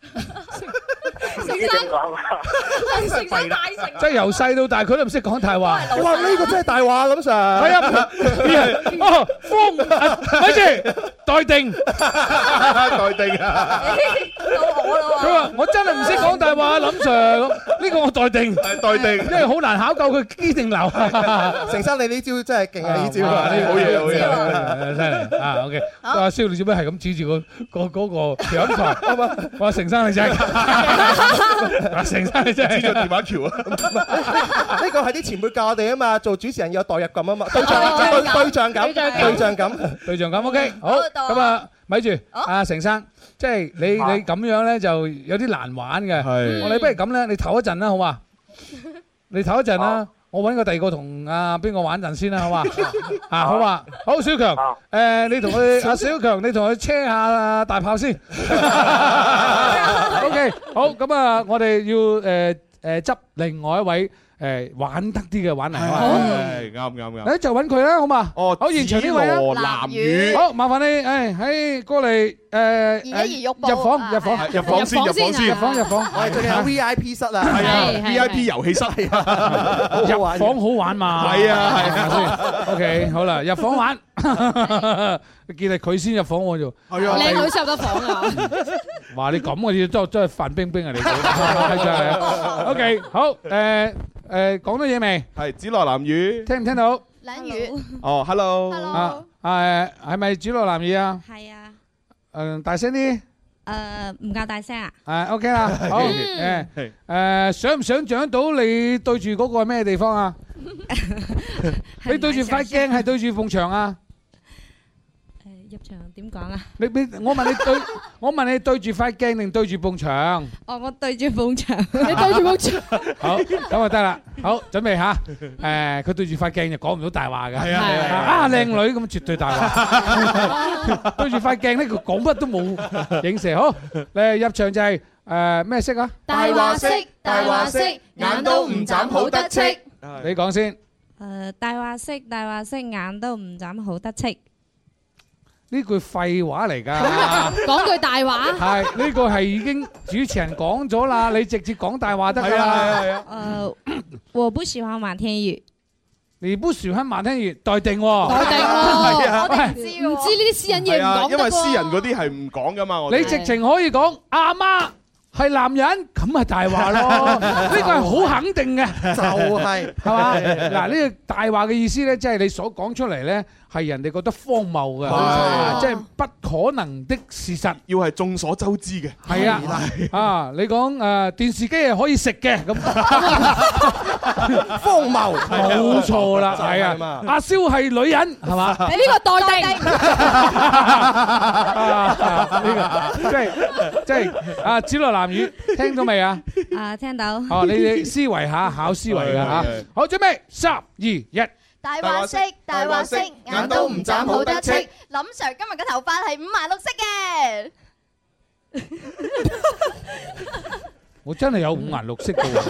成生，成生大成，即係由細到大，佢都唔識講大話。哇，呢個真係大話，林 sir。係啊，哦，封，睇住，待定，待定啊！到我啦。佢話：我真係唔識講大話，林 sir。呢個我待定，待定，因為好難考究佢基定流。成生，你呢招真係勁啊！呢招，呢好嘢，好嘢，犀利啊！OK，阿蕭，你做咩係咁指住個、個、嗰個獎台？我成。成生你真係，啊成生你真係做電話橋啊！呢個係啲前輩教我哋啊嘛，做主持人有代入感啊嘛，對象感、對象感、對象感、對象感。OK，好咁啊，咪住啊，成生，即係你你咁樣咧，就有啲難玩嘅。我哋不如咁咧，你唞一陣啦，好嘛？你唞一陣啦。我揾個第二個同阿邊個玩陣先啦，好嘛？啊，好嘛、 啊？好，小強，誒、 呃，你同佢，阿、啊、小強，你同佢車下大炮先。 o、okay，K，好，咁啊，我哋要誒誒執另外一位。誒玩得啲嘅玩嚟，啱啱啱，咁就揾佢啦，好嘛？哦，好，現場呢位啊！好，麻煩你誒喺過嚟誒，而家而入房入房入房先入房入房，入房 VIP 室啊！係啊，VIP 遊戲室係啊，入房好玩嘛？係啊，係啊，OK，好啦，入房玩。見你佢先入房，我做。係啊，靚女先入得房啊！話你咁嘅嘢，都都係范冰冰啊！你真係。O K，好，誒誒，講到嘢未？係紫羅蘭語，聽唔聽到？蘭語。哦，Hello。Hello。係係咪紫羅蘭語啊？係啊。嗯，大聲啲。誒，唔夠大聲啊？係，O K 啦。好，誒誒，想唔想獎到？你對住嗰個係咩地方啊？你對住塊鏡，係對住鳳牆啊？入場點講啊？你你我問你對，我問你對住塊鏡定對住埲牆？哦，我對住埲牆。你對住埲牆。好，咁啊得啦。好，準備吓。誒，佢對住塊鏡就講唔到大話㗎。係啊。啊，靚女咁絕對大話。對住塊鏡咧，佢講乜都冇影射好。誒，你入場就係誒咩色啊？大話色，大話色，眼都唔眨好得戚。你講先。誒，大話色，大話色，眼都唔眨好得戚。呢句廢話嚟㗎，講句大話。係，呢個係已經主持人講咗啦，你直接講大話得㗎啦。誒，我不喜歡馬天宇。你不喜歡馬天宇，待定喎。待定喎，唔知呢啲私隱嘢唔講，因為私人嗰啲係唔講㗎嘛，我哋。你直情可以講阿媽係男人，咁係大話咯。呢個係好肯定嘅，就係係嘛？嗱呢個大話嘅意思咧，即係你所講出嚟咧。係人哋覺得荒謬嘅，即係不可能的事實。要係眾所周知嘅，係啊，啊，你講誒電視機係可以食嘅咁荒謬，冇錯啦，係啊。阿蕭係女人，係嘛？你呢個代替。呢個即係即係啊！紫羅蘭雨聽到未啊？啊，聽到。哦，你哋思維下，考思維嘅嚇。好，準備，三、二、一。大話識，大話識，眼都唔眨好得戚。林 sir 今日嘅頭髮係五顏六色嘅。 我真係有五顏六色嘅喎，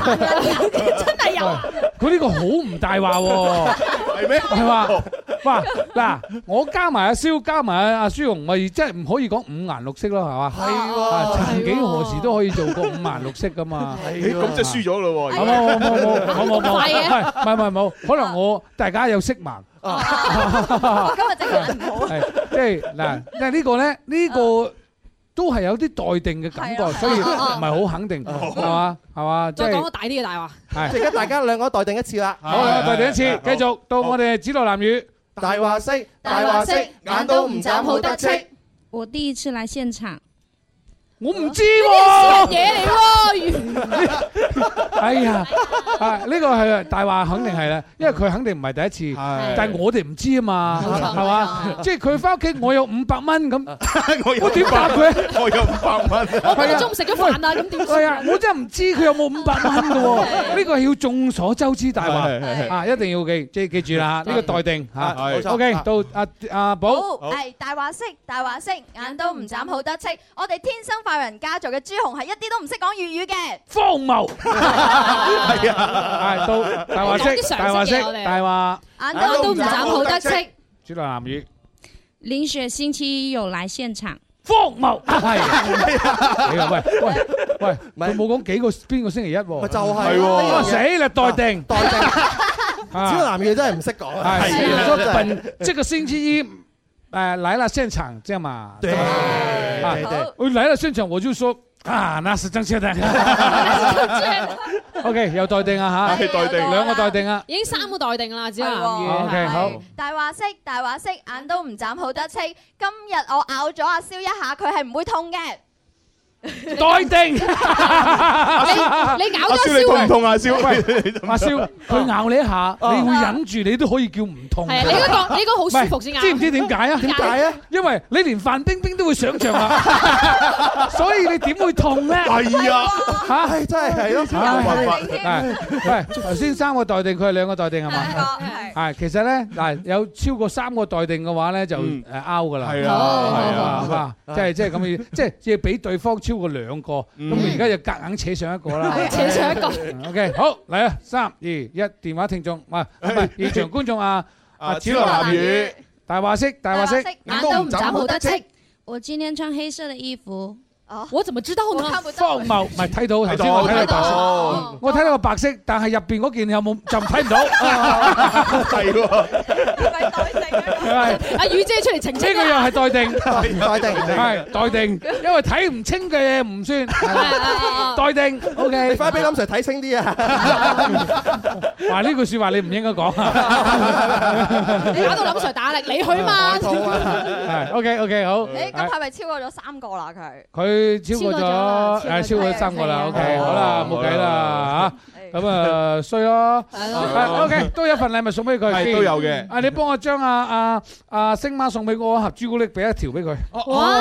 真係有，佢呢個好唔大話喎，係咩？係嘛？哇！嗱，我加埋阿蕭，加埋阿阿舒紅，咪即係唔可以講五顏六色啦，係嘛？係喎，曾幾何時都可以做個五顏六色噶嘛。係，咁即係輸咗咯喎。冇冇冇冇冇冇冇，係，係，唔係唔冇，可能我大家有色盲。今日真係唔好。即係嗱，即係呢個咧，呢個。都係有啲待定嘅感覺，所以唔係好肯定，係嘛？係嘛？再講個大啲嘅大話。係，而家大家兩個待定一次啦。好，待定一次，繼續到我哋紫羅蘭雨大話識，大話識，眼都唔眨，好得戚。我第一次嚟現場。我唔知喎，呢啲乜嘢嚟喎？哎呀，呢個係大話，肯定係啦，因為佢肯定唔係第一次，但係我哋唔知啊嘛，係嘛？即係佢翻屋企，我有五百蚊咁，我點話佢？我有五百蚊，佢哋中午食咗飯啊，咁點算？係啊，我真係唔知佢有冇五百蚊嘅喎，呢個要眾所周知大話啊，一定要記，即係記住啦，呢個待定嚇。冇錯，OK，到阿阿寶，係大話識，大話識，眼都唔眨，好得戚。我哋天生發。富人家族嘅朱紅係一啲都唔識講粵語嘅，荒謬。係啊，都大話識，大話識，大話。眼都唔眨好得識。朱南越，林雪星期一又來現場。荒謬，係。你話喂喂喂，佢冇講幾個邊個星期一？就係。死啦，待定。待定。朱南越真係唔識講。係。即這個星期一。誒，來了現場，這樣嘛？對，對對，我來了現場，我就說啊，那是正確的。OK，有待定啊吓，有待定，兩個待定啊，已經三個待定啦，只啦，OK 好。大話識，大話識，眼都唔眨好得戚。今日我咬咗阿蕭一下，佢係唔會痛嘅。待定，你咬蕭你痛唔痛啊？蕭阿蕭，佢咬你一下，你會忍住，你都可以叫唔痛。係啊，你都講，你個好舒服先咬。知唔知點解啊？點解啊？因為你連范冰冰都會想象啊，所以你點會痛咧？係啊，吓係真係係咯，喂，頭先三個待定，佢係兩個待定係嘛？係，其實咧嗱，有超過三個待定嘅話咧，就誒拗噶啦，係啊，係啊，即係即係咁樣，即係即係俾對方。超過兩個，咁而家就夾硬扯上一個啦。扯上一個。OK，好，嚟啦，三二一，電話聽眾，喂，現場觀眾啊，阿小羅藍雨，大話識，大話識，眼都唔眨，好得戚。我今天穿黑色的衣服，我怎麼知道呢？方茂，唔係睇到頭先我睇到白色，我睇到個白色，但係入邊嗰件有冇就睇唔到。係喎。待定，係，阿雨姐出嚟澄清，佢又係待定，待定，係待定，因為睇唔清嘅嘢唔算，係啊，待定，OK，翻俾林 Sir 睇清啲啊，話，呢句說話你唔應該講，你搞到林 Sir 打力，你去嘛，OK OK 好，誒，咁係咪超過咗三個啦？佢，佢超過咗，誒，超過三個啦，OK，好啦，冇計啦，吓。咁啊衰咯，係咯，OK，都有一份禮物送俾佢，係都有嘅。啊，你幫我將阿阿阿星媽送俾我一盒朱古力，俾一條俾佢。哇，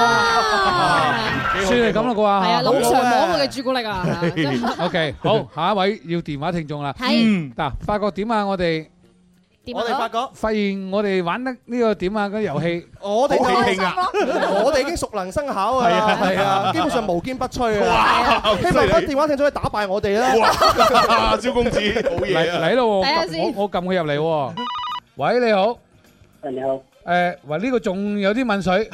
算係咁啦，啩，係啊，老上網嘅朱古力啊。OK，好，下一位要電話聽眾啦。係，嗱，發覺點啊？我哋。我哋發覺發現我哋玩得呢個點啊嗰個遊戲，我哋就好勁啊！我哋已經熟能生巧啊，係啊係啊，基本上無堅不摧啊！希望把電話聽筒可以打敗我哋啦！哇，招公子好嘢啊！嚟咯，我我撳佢入嚟。喂，你好，誒你好，誒話呢個仲有啲問水，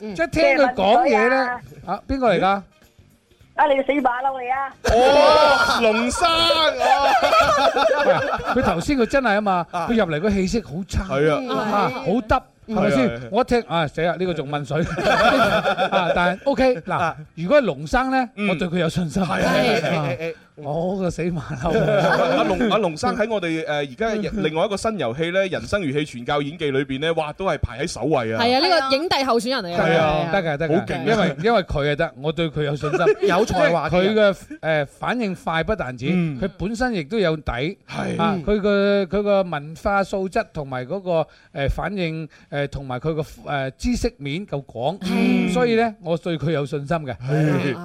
即係聽佢講嘢咧。啊，邊個嚟㗎？啊！你個死馬騮你啊哦！ 哦，龍生 佢頭先佢真係啊嘛，佢入嚟個氣息好差，係啊，好耷。係咪先？我一聽啊，死啦！呢個仲問水啊！但係 O K 嗱，如果係龍生咧，我對佢有信心。係，我個死馬啊！龍啊龍生喺我哋誒而家另外一個新遊戲咧《人生如戲傳教演技》裏邊咧，哇都係排喺首位啊！係啊，呢個影帝候選人嚟嘅。係啊，得嘅，得嘅，好勁！因為因為佢啊得，我對佢有信心，有才華。佢嘅誒反應快不但止，佢本身亦都有底。係佢個佢個文化素質同埋嗰個誒反應。誒同埋佢個誒知識面夠廣，所以咧我對佢有信心嘅。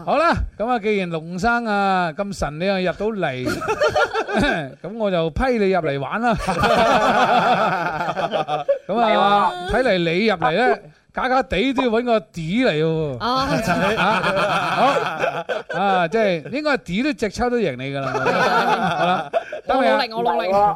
好啦，咁啊，既然龍生啊咁神咧入到嚟，咁我就批你入嚟玩啦。咁啊，睇嚟你入嚟咧假假地都要揾個碟嚟喎。哦，好啊，好啊，即係應該碟都直抽都贏你㗎啦。我攞零，我攞零。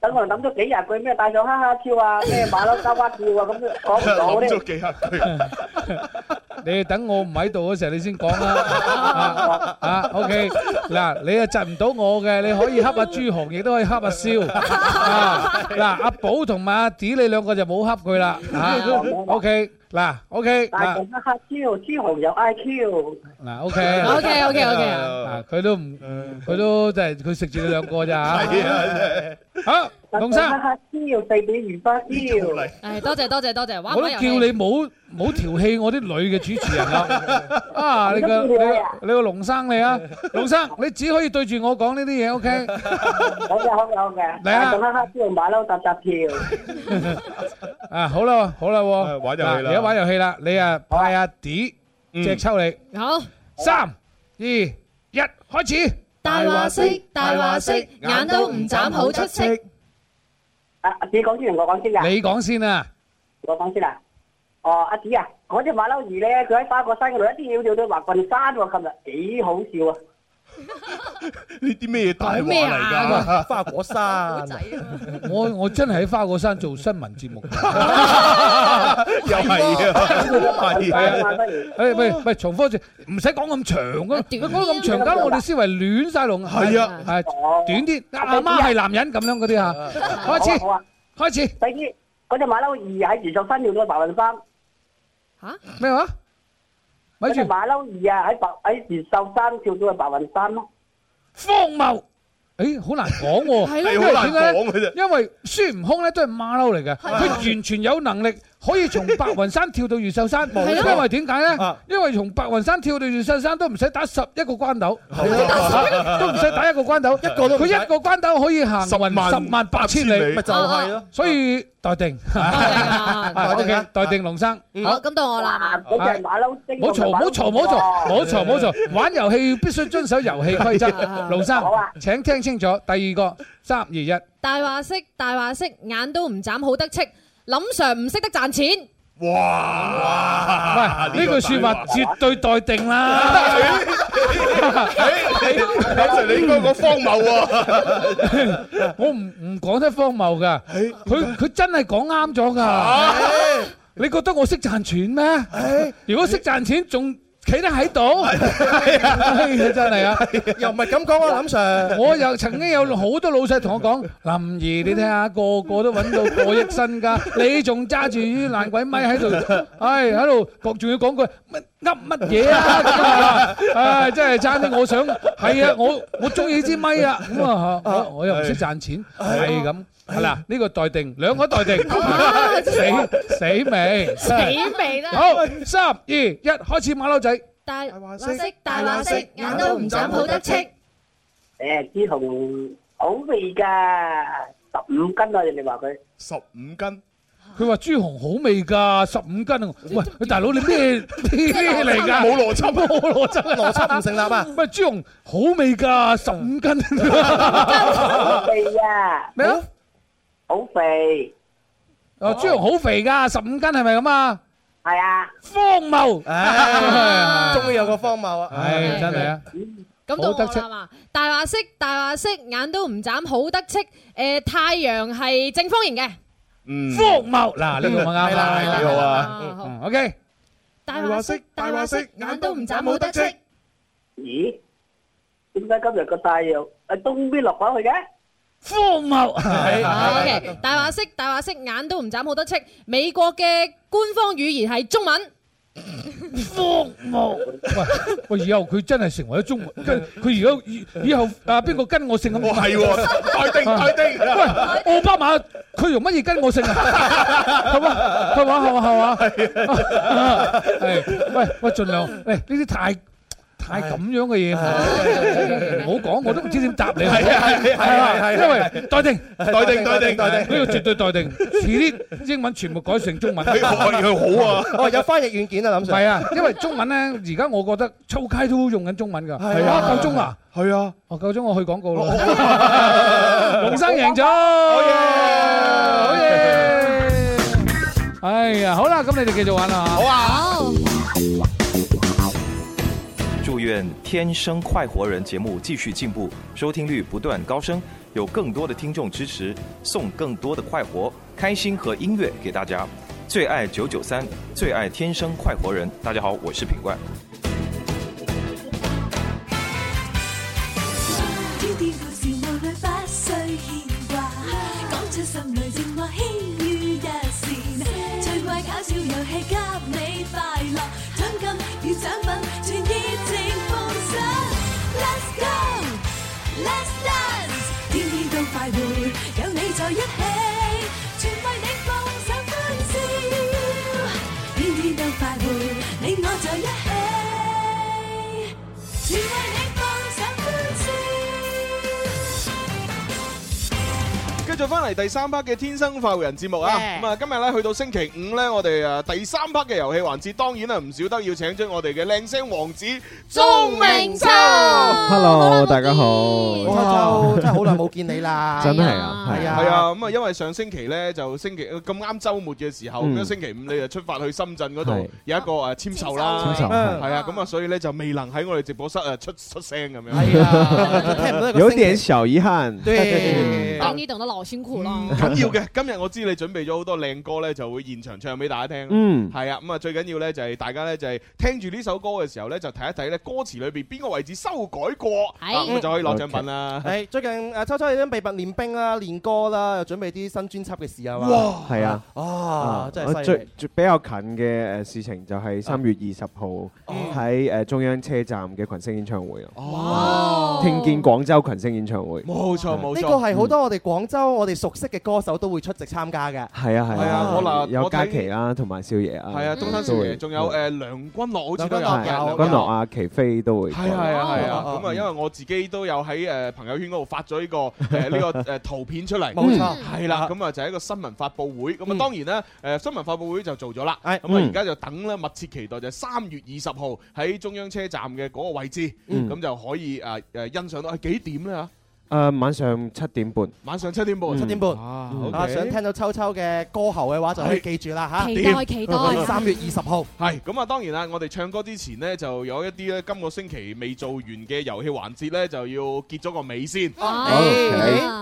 等我諗咗幾日句咩？帶上哈哈跳啊，咩馬騮交瓜跳啊，咁講唔到呢諗咗幾日句。 你等我唔喺度嗰時候你，你先講啦。 啊，OK，嗱，你又窒唔到我嘅，你可以恰阿朱紅，亦都可以恰阿、啊、笑。 啊，嗱， 阿、啊、寶同埋阿子，你兩個就冇恰佢啦。 啊， 啊，OK。嗱，OK，大雄黑蕉，朱紅啦有 IQ，嗱，OK，OK，OK，OK，嗱，佢都唔，佢 都即係佢食住你兩個咋，好。龍生，黑黑千條四點如花嬌。誒，多謝多謝多謝。我都叫你冇冇調戲我啲女嘅主持人啦。啊，你個你個龍生你啊，龍生你只可以對住我講呢啲嘢，OK？好嘅，好嘅，好嘅。你啊，黑黑千條馬騮達達跳。啊，好啦，好啦，玩遊戲啦，而家玩遊戲啦。你啊，派阿 D 隻抽你。好，三二一，開始。大話識，大話識，眼都唔眨，好出色。阿阿子講先，我講先噶。你講先啊！我講先啦。哦，阿子啊，嗰隻馬騮魚咧，佢喺花果山嗰度一顛一跳都白雲山喎，今日幾好笑啊！呢啲咩大話嚟噶？花果山，我我真係喺花果山做新聞節目，又係啊，係啊，誒，喂喂，重複住，唔使講咁長啊，講咁長間我哋思維亂晒龍，係啊，係，短啲，阿阿媽係男人咁樣嗰啲吓，開始，開始，快啲，嗰隻馬騮二喺樹上伸尿個白雲山，吓咩話？咪住馬騮二啊，喺白喺越秀山跳咗去白雲山咯，荒謬，誒、欸、好難講喎，啊，係咯， 因為點解？因為孫悟空咧都係馬騮嚟嘅，佢 完全有能力。可以從白雲山跳到越秀山，因為點解咧？因為從白雲山跳到越秀山都唔使打十一個關斗，都唔使打一個關斗，一個佢一個關斗可以行十萬八千里，咪就係咯。所以待定，OK，待定，龍生。好，咁到我啦。冇騎馬騮，冇嘈，冇嘈，冇嘈，冇嘈，冇嘈。玩遊戲必須遵守遊戲規則，龍生，請聽清楚。第二個三二一，大話識，大話識，眼都唔眨，好得戚。林 sir 唔識得賺錢，哇！唔係呢喂、啊、句說話絕對待定啦。 林 sir 你嗰個荒謬啊！哎、我唔唔講得荒謬噶，佢佢真係講啱咗噶。哎、你覺得我識賺錢咩？哎、如果識賺錢仲？企得喺度，真係啊！又唔係咁講啊，林 Sir。我又曾經有好多老細同我講： 林怡，你睇下個個都揾到過億身家， 你仲揸住啲爛鬼咪喺度？係喺度，各仲要講句乜噏乜嘢啊？唉、哎，真係差啲！我想係啊，我我中意呢支咪啊。咁啊，我，我又唔識賺錢，係咁。係啦，呢個待定，兩個待定，死死未，死未啦。好，三二一，開始。馬騮仔，大話識，大話識，眼都唔想好得戚。誒，豬紅好味噶，十五斤啊！人哋話佢十五斤，佢話豬紅好味噶，十五斤。喂，大佬你咩咩嚟噶？冇邏輯，邏輯邏輯唔成立啊！喂，豬紅好味噶，十五斤。真好味啊！咩啊？好肥哦，豬肉好肥噶，十五斤係咪咁啊？係啊，荒謬，終於有個荒謬啊，唉真係啊，咁就係嘛？大話色，大話色，眼都唔眨，好得戚。誒，太陽係正方形嘅，荒謬嗱，呢個啱啦，你好啊，OK。大話色，大話色，眼都唔眨，冇得戚。咦？點解今日個太陽喺東邊落翻去嘅？荒謬 OK 大話識大話識，眼都唔眨，好多戚。美國嘅官方語言係中文，荒 謬。喂喂，以後佢真係成為咗中文。跟佢而家以以後，以後啊，邊個跟、啊哦、跟我姓啊？我係喎，台定台定。喂，奧巴馬佢用乜嘢跟我姓啊？係嘛？係嘛？係嘛？係。喂喂，盡量喂！呢啲台。係咁樣嘅嘢，唔好講，我都唔知點答你。係啊係啊，因為待定，待定，待定，待定，呢個絕對待定。遲啲英文全部改成中文，可以去好啊。哦，有翻譯軟件啊，諗住。係啊，因為中文咧，而家我覺得粗街都用緊中文噶。係啊，夠鐘啦。係啊，哦，夠鐘，我去廣告啦。龍生贏咗，好嘢，好嘢。哎呀，好啦，咁你哋繼續玩啦。好啊。願天生快活人節目繼續進步，收聽率不斷高升，有更多的聽眾支持，送更多的快活、開心和音樂給大家。最愛九九三，最愛天生快活人。大家好，我是品冠。 一起，全為你放上歡笑，天天都快活，你我在一起，全為你放上歡笑。繼續翻嚟第三 part 嘅天生快活人節目啊，咁啊 Yeah. 今日咧去到星期五咧，我哋啊第三 part 嘅遊戲環節，當然係唔少得要請出我哋嘅靚聲王子鍾明。Hello，大家好，周周真係好耐冇見你啦，真係啊，係啊，係啊，咁啊，因為上星期咧就星期咁啱週末嘅時候，咁啊星期五你就出發去深圳嗰度有一個誒簽售啦，簽售，係啊，咁啊，所以咧就未能喺我哋直播室啊出出聲咁樣，係啊，聽唔到個聲，有點小遺憾，對，等你等得老辛苦啦，緊要嘅，今日我知你準備咗好多靚歌咧，就會現場唱俾大家聽，嗯，係啊，咁啊最緊要咧就係大家咧就係聽住呢首歌嘅時候咧就睇一睇咧歌詞裏邊邊個位置修改。歌，咁就可以攞獎品啦。係最近，阿秋秋已經秘密練兵啦、練歌啦，又準備啲新專輯嘅事啊嘛。哇，係啊，哇，真係犀利！最比較近嘅誒事情就係三月二十號喺誒中央車站嘅群星演唱會啊！哇，聽見廣州群星演唱會，冇錯冇錯，呢個係好多我哋廣州我哋熟悉嘅歌手都會出席參加嘅。係啊係啊，可能有嘉琪啦，同埋少爺啊，係啊，中山少爺，仲有誒梁君樂，好似都有梁君樂啊，琪飛都會。係啊，係啊。因為我自己都有喺誒朋友圈嗰度發咗呢個誒呢個誒圖片出嚟，冇錯，係啦，咁啊就係一個新聞發佈會，咁啊當然咧誒新聞發佈會就做咗啦，係，咁啊而家就等啦，密切期待就係三月二十號喺中央車站嘅嗰個位置，咁就可以誒誒欣賞到，係幾點咧嚇？誒晚上七點半。晚上七點半，七點半。啊，想聽到秋秋嘅歌喉嘅話，就可以記住啦嚇。期待期待，三月二十號。係，咁啊當然啦，我哋唱歌之前呢，就有一啲咧今個星期未做完嘅遊戲環節咧，就要結咗個尾先。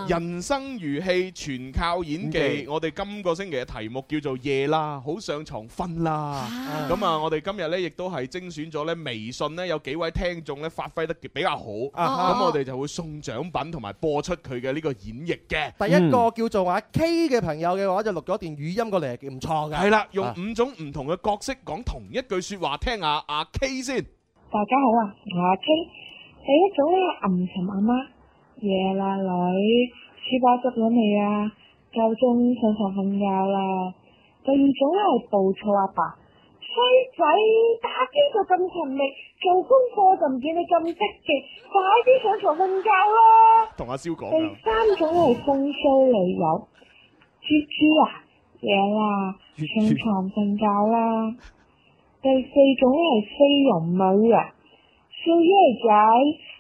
人生如戲，全靠演技。我哋今個星期嘅題目叫做夜啦，好上床瞓啦。咁啊，我哋今日咧亦都係精選咗咧微信咧有幾位聽眾咧發揮得比較好，咁我哋就會送獎品。同埋播出佢嘅呢個演繹嘅，嗯、第一個叫做阿 K 嘅朋友嘅話就錄咗段語音過嚟，唔錯嘅。係啦、嗯，用五種唔同嘅角色講同一句説話，聽下阿 K 先。大家好啊，我 K 第一種咧，暗沉阿媽夜啦女，書包執咗未啊？夠鍾上床瞓覺啦。第二種咧係暴躁阿爸。衰仔，打機就咁勤力，做功課就唔見你咁積極，快啲上床瞓覺啦！同阿蕭講。第三種係風騷女友，豬豬啊，嘢啦、啊，上床瞓覺啦。 第四種係飛龍女啊，小耶仔，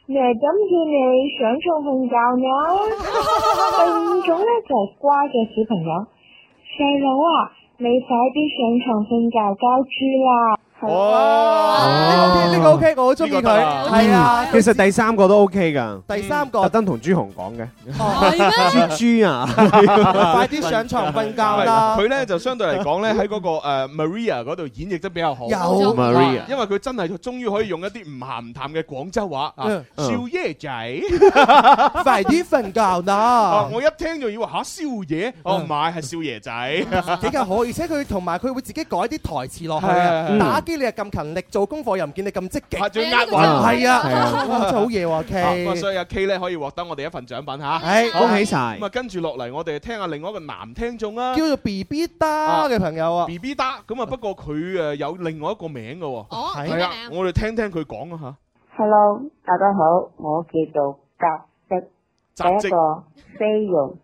你係咁叫你上床瞓覺啦。 第五種咧就係、是、乖嘅小朋友，細佬啊。你快啲上床瞓覺，覺豬啦！哦，呢個 OK，呢個 OK，我好中意佢，係啊。其實第三個都 OK 噶，第三個特登同朱紅講嘅，豬豬啊？快啲上床瞓覺啦！佢咧就相對嚟講咧喺嗰個誒 Maria 嗰度演繹得比較好，有 Maria，因為佢真係終於可以用一啲唔咸唔淡嘅廣州話，少爺仔，快啲瞓覺啦！我一聽就以為吓，少爺，我唔係，係少爺仔，幾咁好，而且佢同埋佢會自己改啲台詞落去，打。啲你又咁勤力做功課，又唔見你咁積極，仲壓運係啊，做嘢好嘢喎。K，咁啊，所以阿 K 咧可以獲得我哋一份獎品吓，係，恭喜晒咁啊。跟住落嚟，我哋聽下另外一個男聽眾啊，叫做 B B 得嘅朋友啊，B B 得咁啊。不過佢誒有另外一個名㗎，係啊，我哋聽聽佢講啊吓。Hello，大家好，我叫做格式，第一個菲蓉，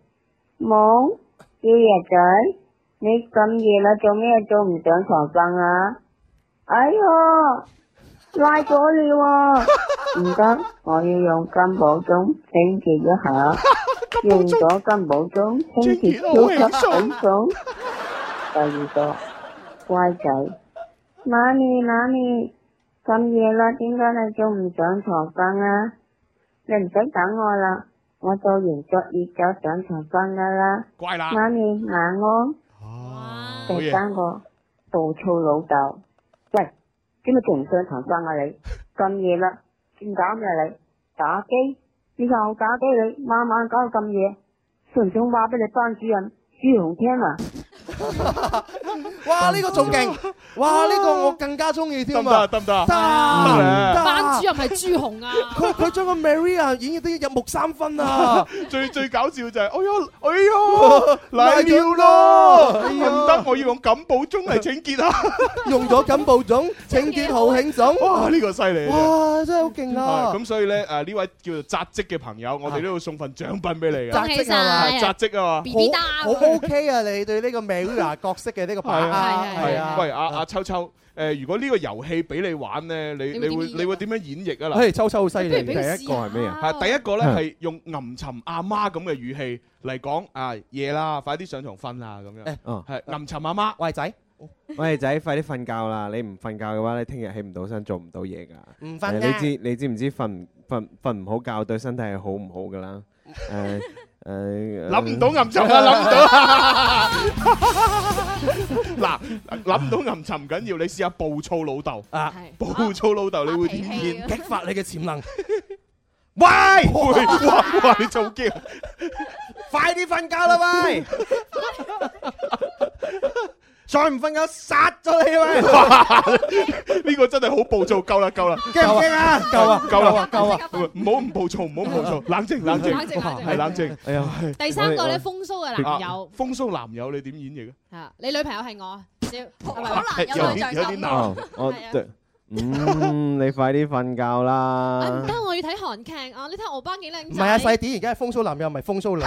夢少爺仔，你咁夜啦，做咩做唔上床瞓啊？哎喲，拉咗你喎，哦！唔得，我要用金寶鐘清潔一下。用咗 金寶中鐘清潔，超級好爽。 第二個乖仔，媽咪媽咪咁夜啦，點解你仲唔上床瞓啊？你唔使等我，我評評啦，我做完作業就上床瞓噶啦。乖啦，媽咪晚安。哦啊哦，第三個暴躁呀老豆。點解仲唔上床瞓啊？你咁夜啦，點搞咩？啊、你打機，打你又打機，你晚晚搞到咁夜，想唔想話俾你班主任朱紅聽啊？哇！呢個仲勁，哇！呢個我更加中意添啊！得唔得？得唔得啊？班主任係朱紅啊！佢佢將個 Maria 演得入木三分啊！最最搞笑就係，哎呀，哎呀，賴尿咯！唔得，我要用錦布總嚟請潔啊！用咗錦布總，請潔好慶總。哇！呢個犀利！哇！真係好勁啊！咁所以咧，誒呢位叫做扎職嘅朋友，我哋都要送份獎品俾你啊！扎職啊，扎職啊嘛！好 OK 啊，你對呢個名。角色嘅呢個扮啊，係啊，喂阿阿秋秋，誒，如果呢個遊戲俾你玩咧，你你會你會點樣演繹啊？啦，嘿，秋秋好犀利，第一個係咩啊？係第一個咧，係用吟沉阿媽咁嘅語氣嚟講啊，夜啦，快啲上床瞓啦。咁樣，係吟沉阿媽，喂仔，喂仔，快啲瞓覺啦，你唔瞓覺嘅話咧，你聽日起唔到身，做唔到嘢噶，唔瞓嘅，你知你知唔知瞓瞓瞓唔好覺對身體係好唔好噶啦？諗唔、uh, um, 到吟沉啊！諗唔到啊！嗱，諗唔到吟沉唔緊要，你試下暴躁老豆啊！暴躁老豆你會點先？激發你嘅潛能 。喂，你做驚，快啲瞓覺啦，喂！再唔瞓覺，殺咗你喂！呢個真係好暴躁，夠啦夠啦，驚唔驚啊？夠啦夠啦夠啦，唔好唔暴躁，唔好唔暴躁，冷靜冷靜，係冷靜。哎呀，第三個咧，風騷嘅男友，風騷男友你點演繹？啊，你女朋友係我，少可能有啲有啲難，哦對。嗯，你快啲瞓覺啦！唔得，啊，我要睇韓劇啊！你睇歐巴幾靚，唔係啊，細啲，而家係風騷男又唔係風騷女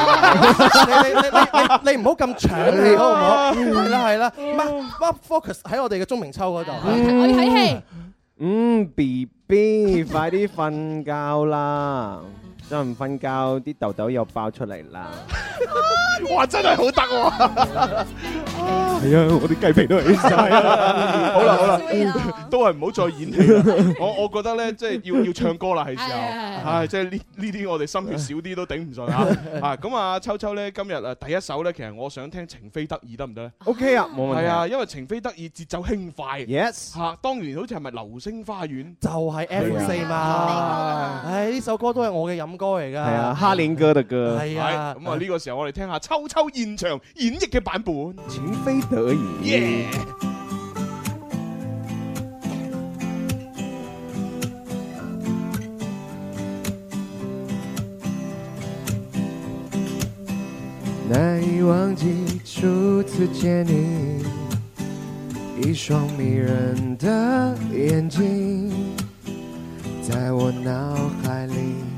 你。你你你你你唔好咁搶戲，你，你，你，你，你好唔好？係啦係啦，唔係，focus 喺我哋嘅鍾明秋嗰度。我要睇戲。嗯 BB 快啲瞓覺啦。真係唔瞓覺啲痘痘又爆出嚟啦！哇，真係好得喎！係啊，我啲雞皮都起曬啦！好啦好啦，都係唔好再演戲。我我覺得咧，即係要要唱歌啦，係時候。係即係呢呢啲我哋心血少啲都頂唔順嚇。啊咁啊，秋秋咧今日啊第一首咧，其實我想聽情非得已得唔得咧？OK 啊，冇問題。係啊，因為情非得已節奏輕快。Yes，嚇，當年好似係咪流星花園？就係 M4 嘛。唉，呢首歌都係我嘅飲。歌嚟噶。係啊，哈林哥嘅歌，係啊。咁啊，呢個時候我哋聽下秋秋現場演繹嘅版本，《情非得已》。難以忘記初次見你，一雙迷人的眼睛，在我腦海裏。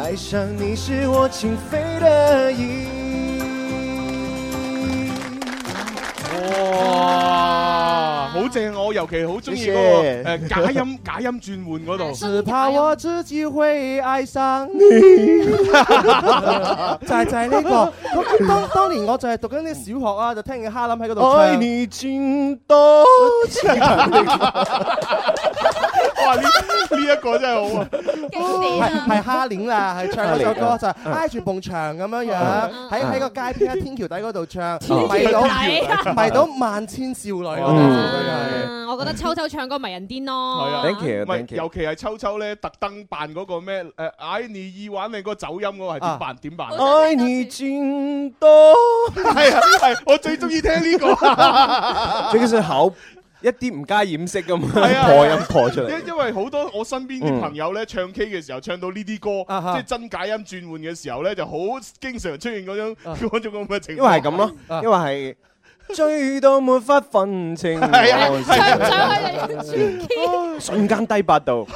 愛上你是我情非得已。哇，好正，我尤其好中意個誒假音謝謝假音轉換嗰度。只 怕我自己會愛上你。 就係就係呢個，當當年我就係讀緊啲小學啊，就聽見哈林喺嗰度唱。愛你真多。 哇！呢呢一個真係好啊，係係哈鏈啦，係唱嗰首歌就挨住埲牆咁樣樣，喺喺個街邊、喺天橋底嗰度唱，迷到迷到萬千少女。嗯，我覺得秋秋唱歌迷人啲咯。係啊，尤其尤其係秋秋咧，特登扮嗰個咩誒，艾尼爾玩你個走音嗰個係點辦？點辦？愛你最多係係，我最中意聽呢個。呢好。一啲唔加掩飾咁破音破出嚟，因因為好多我身邊啲朋友咧唱 K 嘅時候，唱到呢啲歌，啊、哈即係真假音轉換嘅時候咧，就好經常出現嗰種嗰、啊、種咁嘅情況。因為係咁咯，啊、因為係醉到冇法分清，分清 in asi、 啊，瞬間低八度，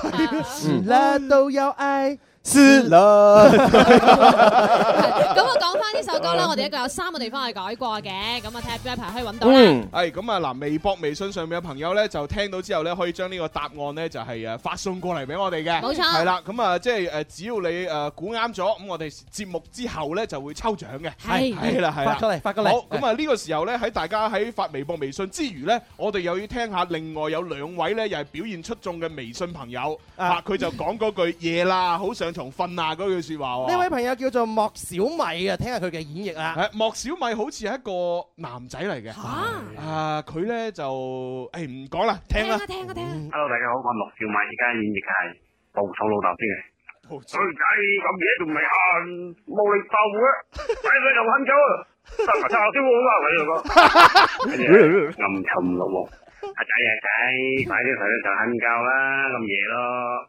死了都要愛。是啦，咁、 嗯、我講翻呢首歌啦。我哋一共有三個地方係改過嘅，咁啊睇下邊排可以揾到啦。係咁、mm. 嗯、啊，嗱，微博、微信上面嘅朋友咧，就聽到之後咧，可以將呢個答案咧，就係、是、誒發送過嚟俾我哋嘅。冇錯錯。係啦，咁啊，即係誒、呃，只要你誒估啱咗，咁我哋節目之後咧就會抽獎嘅。係係啦，係啦。發過嚟，發過嚟。好，咁啊呢的個時候咧，喺大家喺發微博、微信之餘咧，我哋又要聽下另外有兩位咧，又係表現出眾嘅微信朋友啊，佢就講嗰句嘢啦，好想。從瞓啊！嗰句說話喎，呢位朋友叫做莫小米啊，聽下佢嘅演繹啊。莫小米好似係一個男仔嚟嘅。吓，啊佢咧就誒唔講啦，聽啦，聽啊聽啊。Hello，大家好，我係莫小米，而家演繹嘅係暴躁老豆先嘅。衰仔咁夜仲未喊，冇力鬥啊！仔仔又瞓覺啊，生個臭小王啦，你又講。暗沉咯，阿仔阿仔，快啲瞓啦，就瞓覺啦，咁夜咯。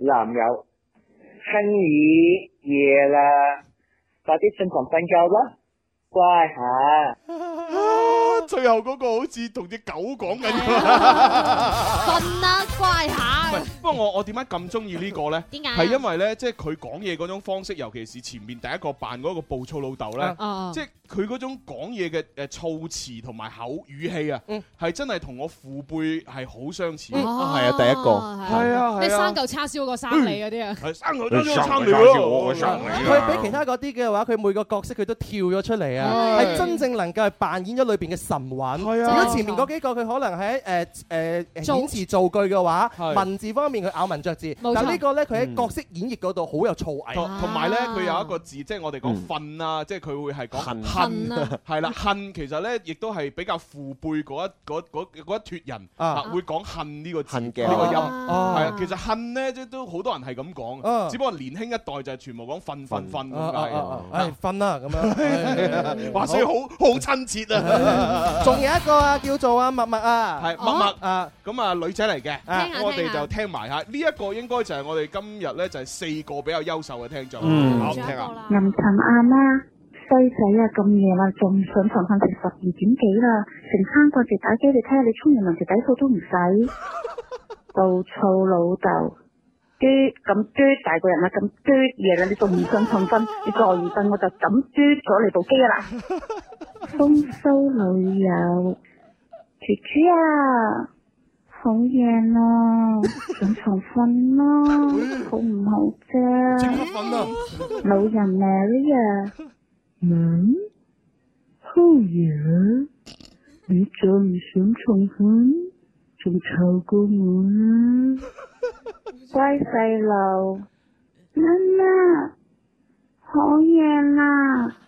男友，今日夜啦，快啲瞓床瞓覺啦，乖吓。最後嗰個好似同隻狗講緊，瞓啦，乖下。不過我我點解咁中意呢個咧？點解？係因為咧，即係佢講嘢嗰種方式，尤其是前面第一個扮嗰個暴躁老豆咧，即係佢嗰種講嘢嘅誒措辭同埋口語氣啊，係真係同我父輩係好相似，係啊，第一個係啊，係啊，你生嚿叉燒過生你嗰啲啊，係生嚿叉燒咯，佢比其他嗰啲嘅話，佢每個角色佢都跳咗出嚟啊，係真正能夠係扮演咗裏邊嘅平穩。如果前面嗰幾個佢可能喺誒誒演詞造句嘅話，文字方面佢咬文嚼字。但係呢個咧，佢喺角色演繹嗰度好有造詣。同埋咧，佢有一個字，即係我哋講瞓啊，即係佢會係講恨，係啦，恨其實咧亦都係比較父輩嗰一嗰一脫人啊，會講恨呢個字呢個音係啊，其實恨咧即都好多人係咁講，只不過年輕一代就係全部講瞓瞓瞓咁係瞓啦咁樣，話說好好親切啊。仲有一個啊，叫做阿默默啊，係默默啊，咁啊女仔嚟嘅，嗯、我哋就聽埋吓，呢一個應該就係我哋今日咧就係四個比較優秀嘅聽眾，好唔好聽啊？陰沉阿媽衰仔啊，咁夜啦，仲唔想瞓？瞓成十二點幾啦，成三個字打機，你睇下你沖完涼條底數都唔使，暴躁 老豆，嘟咁嘟大個人啦，啊，咁嘟嘢啦，你仲唔想瞓瞓？你再唔瞓我就咁嘟咗你部機啦。 豐收旅遊，姐姐啊，好夜啦，想上床瞓啦，好唔好啫？點瞓啊？老人嚟呢樣嗯，好嘢， 你再唔想上床瞓，仲臭過我啦，中心中心 乖細路，媽媽，好夜啦。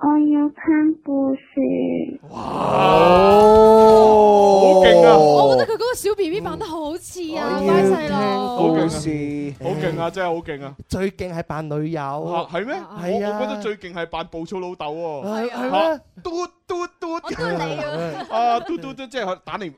我要聽故事。哇，好勁啊！我覺得佢嗰個小 B B 扮得好似啊，乖細路，好勁啊，真係好勁啊！最勁係扮女友，係咩？係啊！我覺得最勁係扮暴躁老豆，係係咩？嘟嘟嘟，我中啊！嘟嘟嘟，即係打可能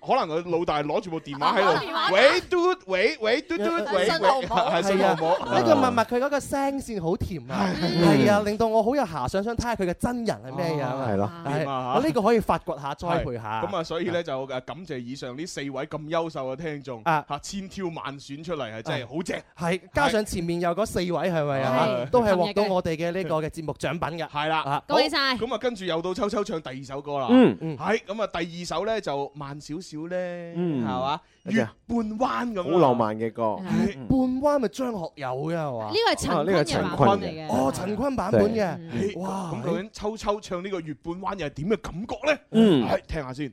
佢老大攞住部電話喺度，喂嘟喂喂嘟嘟喂，係啊，係啊，呢個物物佢嗰個聲線好甜啊，係啊，令到我好有遐想想睇下佢嘅新人係咩嘢咁啊？係咯，點啊呢個可以發掘下、栽培下。咁啊，所以咧就誒感謝以上呢四位咁優秀嘅聽眾啊，嚇千挑萬選出嚟，係真係好正。係加上前面有嗰四位，係咪啊？都係獲到我哋嘅呢個嘅節目獎品嘅。係啦，恭喜晒！咁啊，跟住又到秋秋唱第二首歌啦。嗯嗯。係咁啊，第二首咧就慢少少咧，係嘛？月半彎咁好浪漫嘅歌。半彎咪張學友嘅係嘛？呢個係陳坤嚟嘅。呢個係陳坤嚟嘅。哦，陳坤版本嘅。哇！咁究竟？秋秋唱呢個月半彎又係點嘅感覺呢？嗯、啊，嚟聽下先。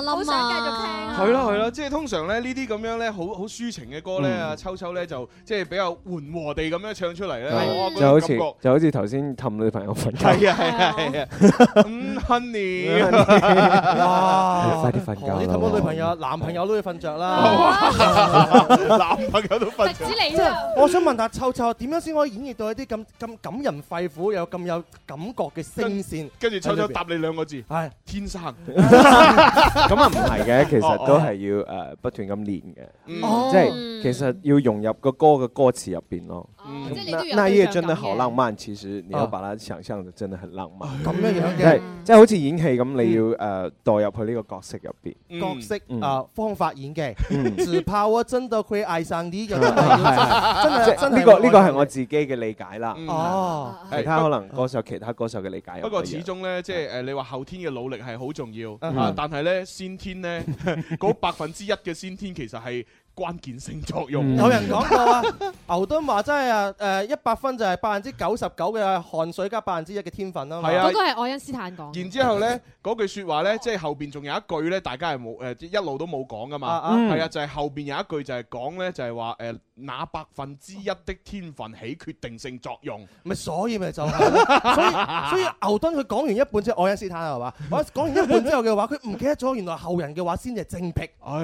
係咯係咯，即係通常咧呢啲咁樣咧好好抒情嘅歌咧，啊秋秋咧就即係比較緩和地咁樣唱出嚟咧，就好似就好似頭先氹女朋友瞓覺，係啊係啊係啊，嗯，Honey，哇，快啲瞓覺，你氹到女朋友、男朋友都要瞓著啦，男朋友都瞓著，我想問下秋秋點樣先可以演繹到一啲咁咁感人肺腑有咁有感覺嘅聲線？跟住秋秋答你兩個字，係天生，咁啊唔係嘅其實。都係要誒、uh, 不斷咁練嘅，mm. 即係其實要融入個歌嘅歌詞入邊咯。那那嘢真係好浪漫，其實你要把它想象得真的很浪漫，咁係即係好似演戲咁，你要誒代入去呢個角色入邊，角色啊方法演技，自爆我真到佢愛上啲個，真係真係呢個呢個係我自己嘅理解啦，哦，其他可能歌手其他歌手嘅理解，不過始終咧即係誒你話後天嘅努力係好重要啊，但係咧先天咧嗰百分之一嘅先天其實係。關鍵性作用。嗯， 有人講過啊，牛頓話真係啊，誒一百分就係百分之九十九嘅汗水加百分之一嘅天分咯，嗰、啊、個係愛因斯坦講。然之後呢，嗰句説話呢，即、就、係、是、後邊仲有一句呢，大家係冇誒一路都冇講噶嘛，係啊，啊，啊，就係、是、後邊有一句就係講呢，就係話誒。呃那百分之一的天份起決定性作用，咪所以咪就所以所以牛頓佢講完一半之後，愛因斯坦係嘛？講完一半之後嘅話，佢唔記得咗，原來後人嘅話先至精闢，好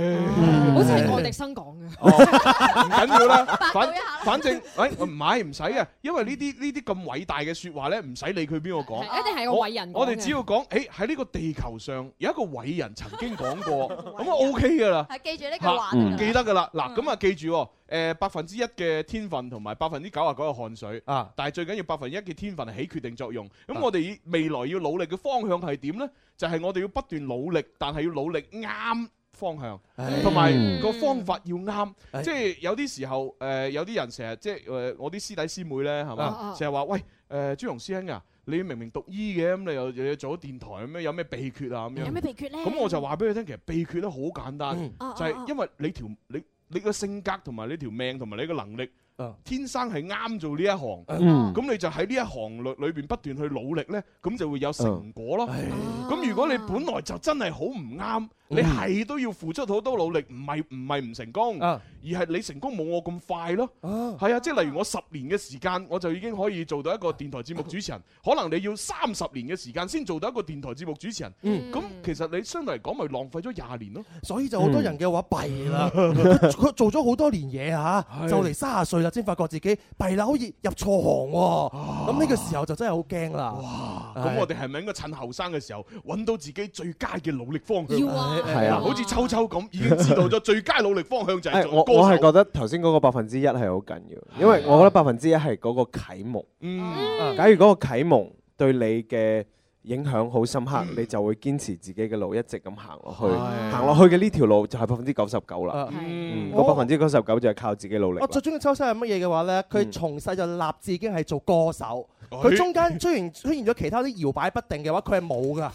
似係愛迪生講嘅，唔緊要啦，反對下。反正誒唔係唔使嘅，因為呢啲呢啲咁偉大嘅説話咧，唔使理佢邊個講，一定係個偉人。我哋只要講誒喺呢個地球上，有一個偉人曾經講過，咁啊 OK 噶啦，係記住呢句話，記得噶啦。嗱咁啊，記住。誒、呃、百分之一嘅天分同埋百分之九十九嘅汗水，啊！但係最緊要百分之一嘅天分係起決定作用。咁、啊、我哋未來要努力嘅方向係點呢？就係、是、我哋要不斷努力，但係要努力啱方向，同埋、哎、個方法要啱。哎、即係有啲時候，誒、呃、有啲人成日即係誒我啲師弟師妹呢，係嘛？成日話喂，誒、呃、朱雄師兄啊，你明明讀醫嘅，咁你又又要做咗電台，咁樣有咩秘訣啊？咁樣咁我就話俾佢聽，其實秘訣都好簡單，嗯嗯、就係因為你條你。你個性格同埋你條命同埋你個能力，uh. 天生係啱做呢一行，咁、uh. 你就喺呢一行裏裏邊不斷去努力呢，咁就會有成果咯。咁、uh. 如果你本來就真係好唔啱，你係都要付出好多努力，唔係唔係唔成功，啊、而係你成功冇我咁快咯。係啊，啊，即係例如我十年嘅時間，我就已經可以做到一個電台節目主持人，可能你要三十年嘅時間先做到一個電台節目主持人。咁、嗯、其實你相對嚟講，咪浪費咗廿年咯。所以就好多人嘅話弊啦，佢、嗯、做咗好多年嘢嚇，就嚟三十歲啦，先發覺自己弊啦，可以入錯行喎。咁呢、啊、個時候就真係好驚啦。哇！咁我哋係咪應該趁後生嘅時候揾到自己最佳嘅努力方向？哎係是啊，好似秋秋咁，已經知道咗 最佳努力方向就係做我，我係覺得頭先嗰個百分之一係好緊要， 因為我覺得百分之一係嗰個啟蒙。嗯， 假如嗰個啟蒙對你嘅。影響好深刻，你就會堅持自己嘅路，一直咁行落去。行落去嘅呢條路就係百分之九十九啦。百分之九十九就係靠自己努力。我最中意秋生係乜嘢嘅話呢？佢從細就立志已經係做歌手。佢中間雖然出現咗其他啲搖擺不定嘅話，佢係冇㗎。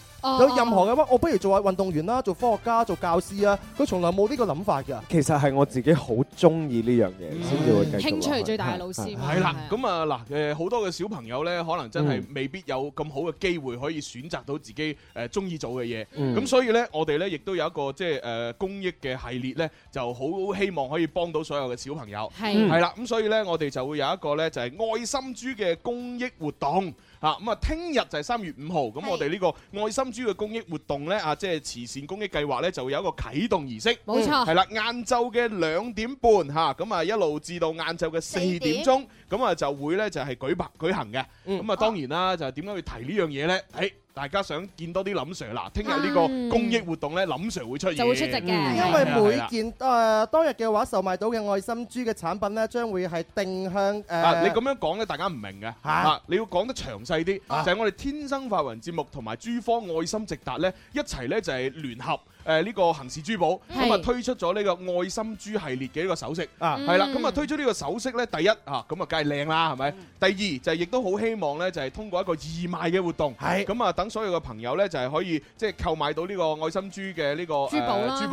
有任何嘅話，我不如做下運動員啦，做科學家、做教師啊，佢從來冇呢個諗法㗎。其實係我自己好中意呢樣嘢，先至會傾出嚟興趣係最大嘅老師。係啦，咁啊嗱，好多嘅小朋友呢，可能真係未必有咁好嘅機會可以。選擇到自己誒中意做嘅嘢。咁、嗯、所以呢，我哋呢亦都有一個即係誒、呃、公益嘅系列呢，就好希望可以幫到所有嘅小朋友，係啦的，咁、嗯、所以呢，我哋就會有一個呢就係、是、愛心豬嘅公益活動。嚇咁啊！聽日就係三月五號，咁是我哋呢個愛心豬嘅公益活動咧，啊，即、就、係、是、慈善公益計劃咧，就會有一個啟動儀式。冇錯、嗯，係啦、嗯，晏晝嘅兩點半嚇，咁啊一路至到晏晝嘅四點鐘，咁啊點就會咧就係舉辦舉行嘅。咁啊、嗯、當然啦，啊、就點解要提呢樣嘢呢？係、哎。大家想見多啲林 Sir 嗱，聽日呢個公益活動咧，嗯、林 Sir 會出現就會出席嘅、嗯，因為每件誒、嗯、當日嘅話售賣到嘅愛心豬嘅產品呢，將會係定向誒、呃啊。你咁樣講咧，大家唔明嘅嚇、啊啊，你要講得詳細啲，啊、就係我哋天生快活人節目同埋珠江愛心直達呢，一齊呢就係聯合。誒呢、呃這個行事珠寶咁啊是推出咗呢個愛心珠系列嘅呢個首飾啊，係啦、嗯，咁啊推出呢個首飾呢，第一啊咁啊梗係靚啦，係咪？嗯、第二就係、是、亦都好希望呢，就係、是、通過一個義賣嘅活動，咁啊是等所有嘅朋友呢，就係、是、可以即係、就是、購買到呢個愛心珠嘅呢、這個珠寶、啊呃、珠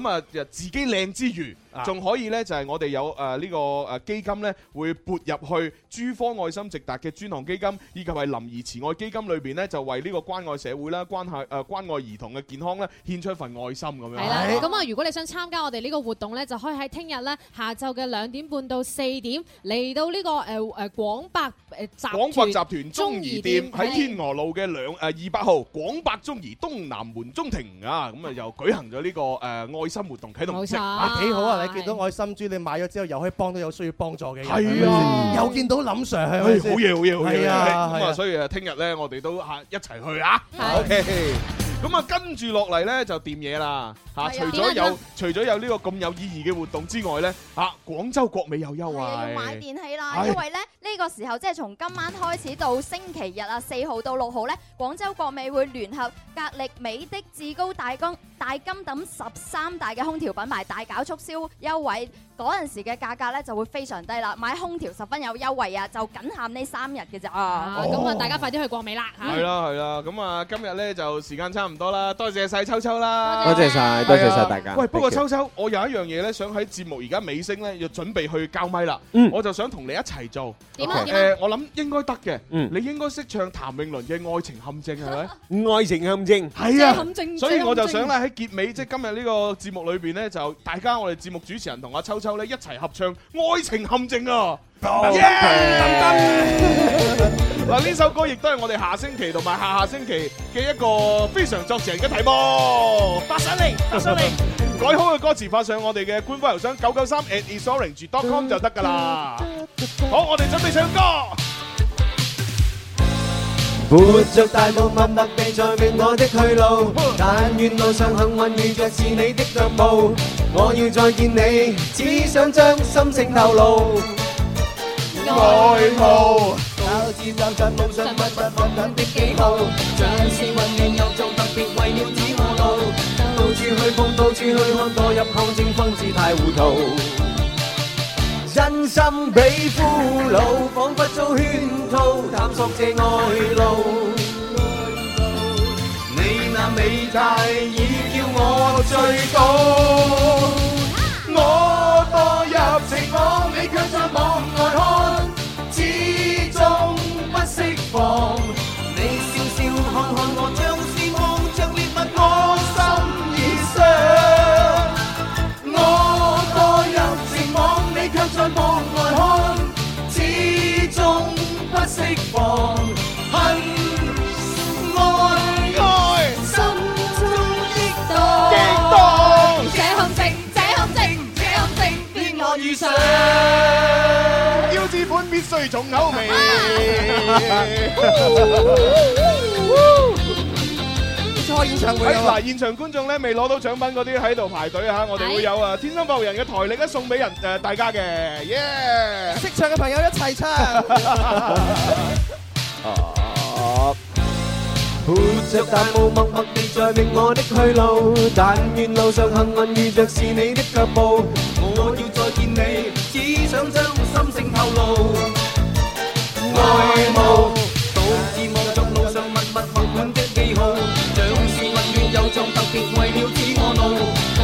寶咁啊，就自己靚之餘，仲可以咧，就係我哋有誒呢個誒基金咧，會撥入去珠科愛心直達嘅專項基金，以及係臨時慈愛基金裏邊呢，就為呢個關愛社會啦、關愛誒關愛兒童嘅健康咧，獻出一份愛心咁、啊、樣。係啦對，咁啊，如果你想參加我哋呢個活動咧，就可以喺聽日咧下晝嘅兩點半到四點嚟到呢個誒誒廣百誒集團中怡店喺天鵝路嘅兩誒二百號廣百中怡東南門中庭啊，咁啊又舉行咗呢個誒愛心活動啟動式幾好啊！你見到我心豬，你買咗之後又可以幫到有需要幫助嘅人，係啊，是是又見到林 Sir 係、哎，好嘢好嘢好嘢，啊，咁啊 okay，所以啊，聽日咧，我哋都下一齊去啊，OK。 咁、嗯、啊，跟住落嚟呢就掂嘢啦，嚇！除咗有，除咗有呢個咁有意義嘅活動之外呢，嚇、啊、廣州國美有優惠，要買電器啦，哎、因為咧呢、呢個時候即係從今晚開始到星期日啊，四號到六號呢，廣州國美會聯合格力、美的、志高、大江、大金等十三大嘅空調品牌大搞促銷優惠。嗰陣時嘅價格咧就會非常低啦，買空調十分有優惠啊！就僅限呢三日嘅咋啊！咁啊，大家快啲去國美啦！係啦，係啦！咁啊，今日咧就時間差唔多啦，多謝晒秋秋啦，多謝晒，多謝晒大家。喂，不過秋秋，我有一樣嘢咧，想喺節目而家尾聲咧，要準備去交咪啦。嗯，我就想同你一齊做。點啊？誒，我諗應該得嘅。嗯，你應該識唱譚詠麟嘅《愛情陷阱》係咪？愛情陷阱係啊，所以我就想咧喺結尾，即係今日呢個節目裏邊咧，就大家我哋節目主持人同阿秋秋。你一齊合唱《愛情陷阱》啊！嗱，呢首歌亦都係我哋下星期同埋下下星期嘅一個非常作詞嘅題目。發上嚟，發上嚟，改好嘅歌詞發上我哋嘅官方郵箱 993@isolence.com 就得㗎啦。好，我哋準備唱歌。活着大步默默地在覓我的去路，但願路上幸運遇着是你的腳步。我要再見你，只想將心聲透露。外慕，對，踏著踏著路上密密密密的記號，像是雲霧又像特別為了指我路。到處去碰，到處去看，墮入陷阱方知太糊塗。真心被俘虜，仿佛遭圈套，探索這愛路。愛路，你那美態已叫我醉倒。釋放恨愛愛心中激盪。這陷阱，這陷阱，這陷阱，偏我遇上。要治本必須重口味。嗱，現場觀眾咧未攞到獎品嗰啲喺度排隊嚇，我哋會有啊天生快活人嘅台歷咧送俾人誒大家嘅，耶！識唱嘅朋友一齊唱。浮著大霧默默地遮蔽我的去路，但願路上幸運遇著是你的腳步，我要再見你，只想將心聲透露，愛慕。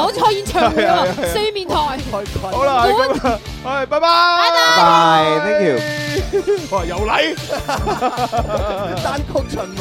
我坐現場㗎嘛，四面台。好、uhm，啦，好，拜拜，拜拜，thank you。我話又嚟，單曲循環。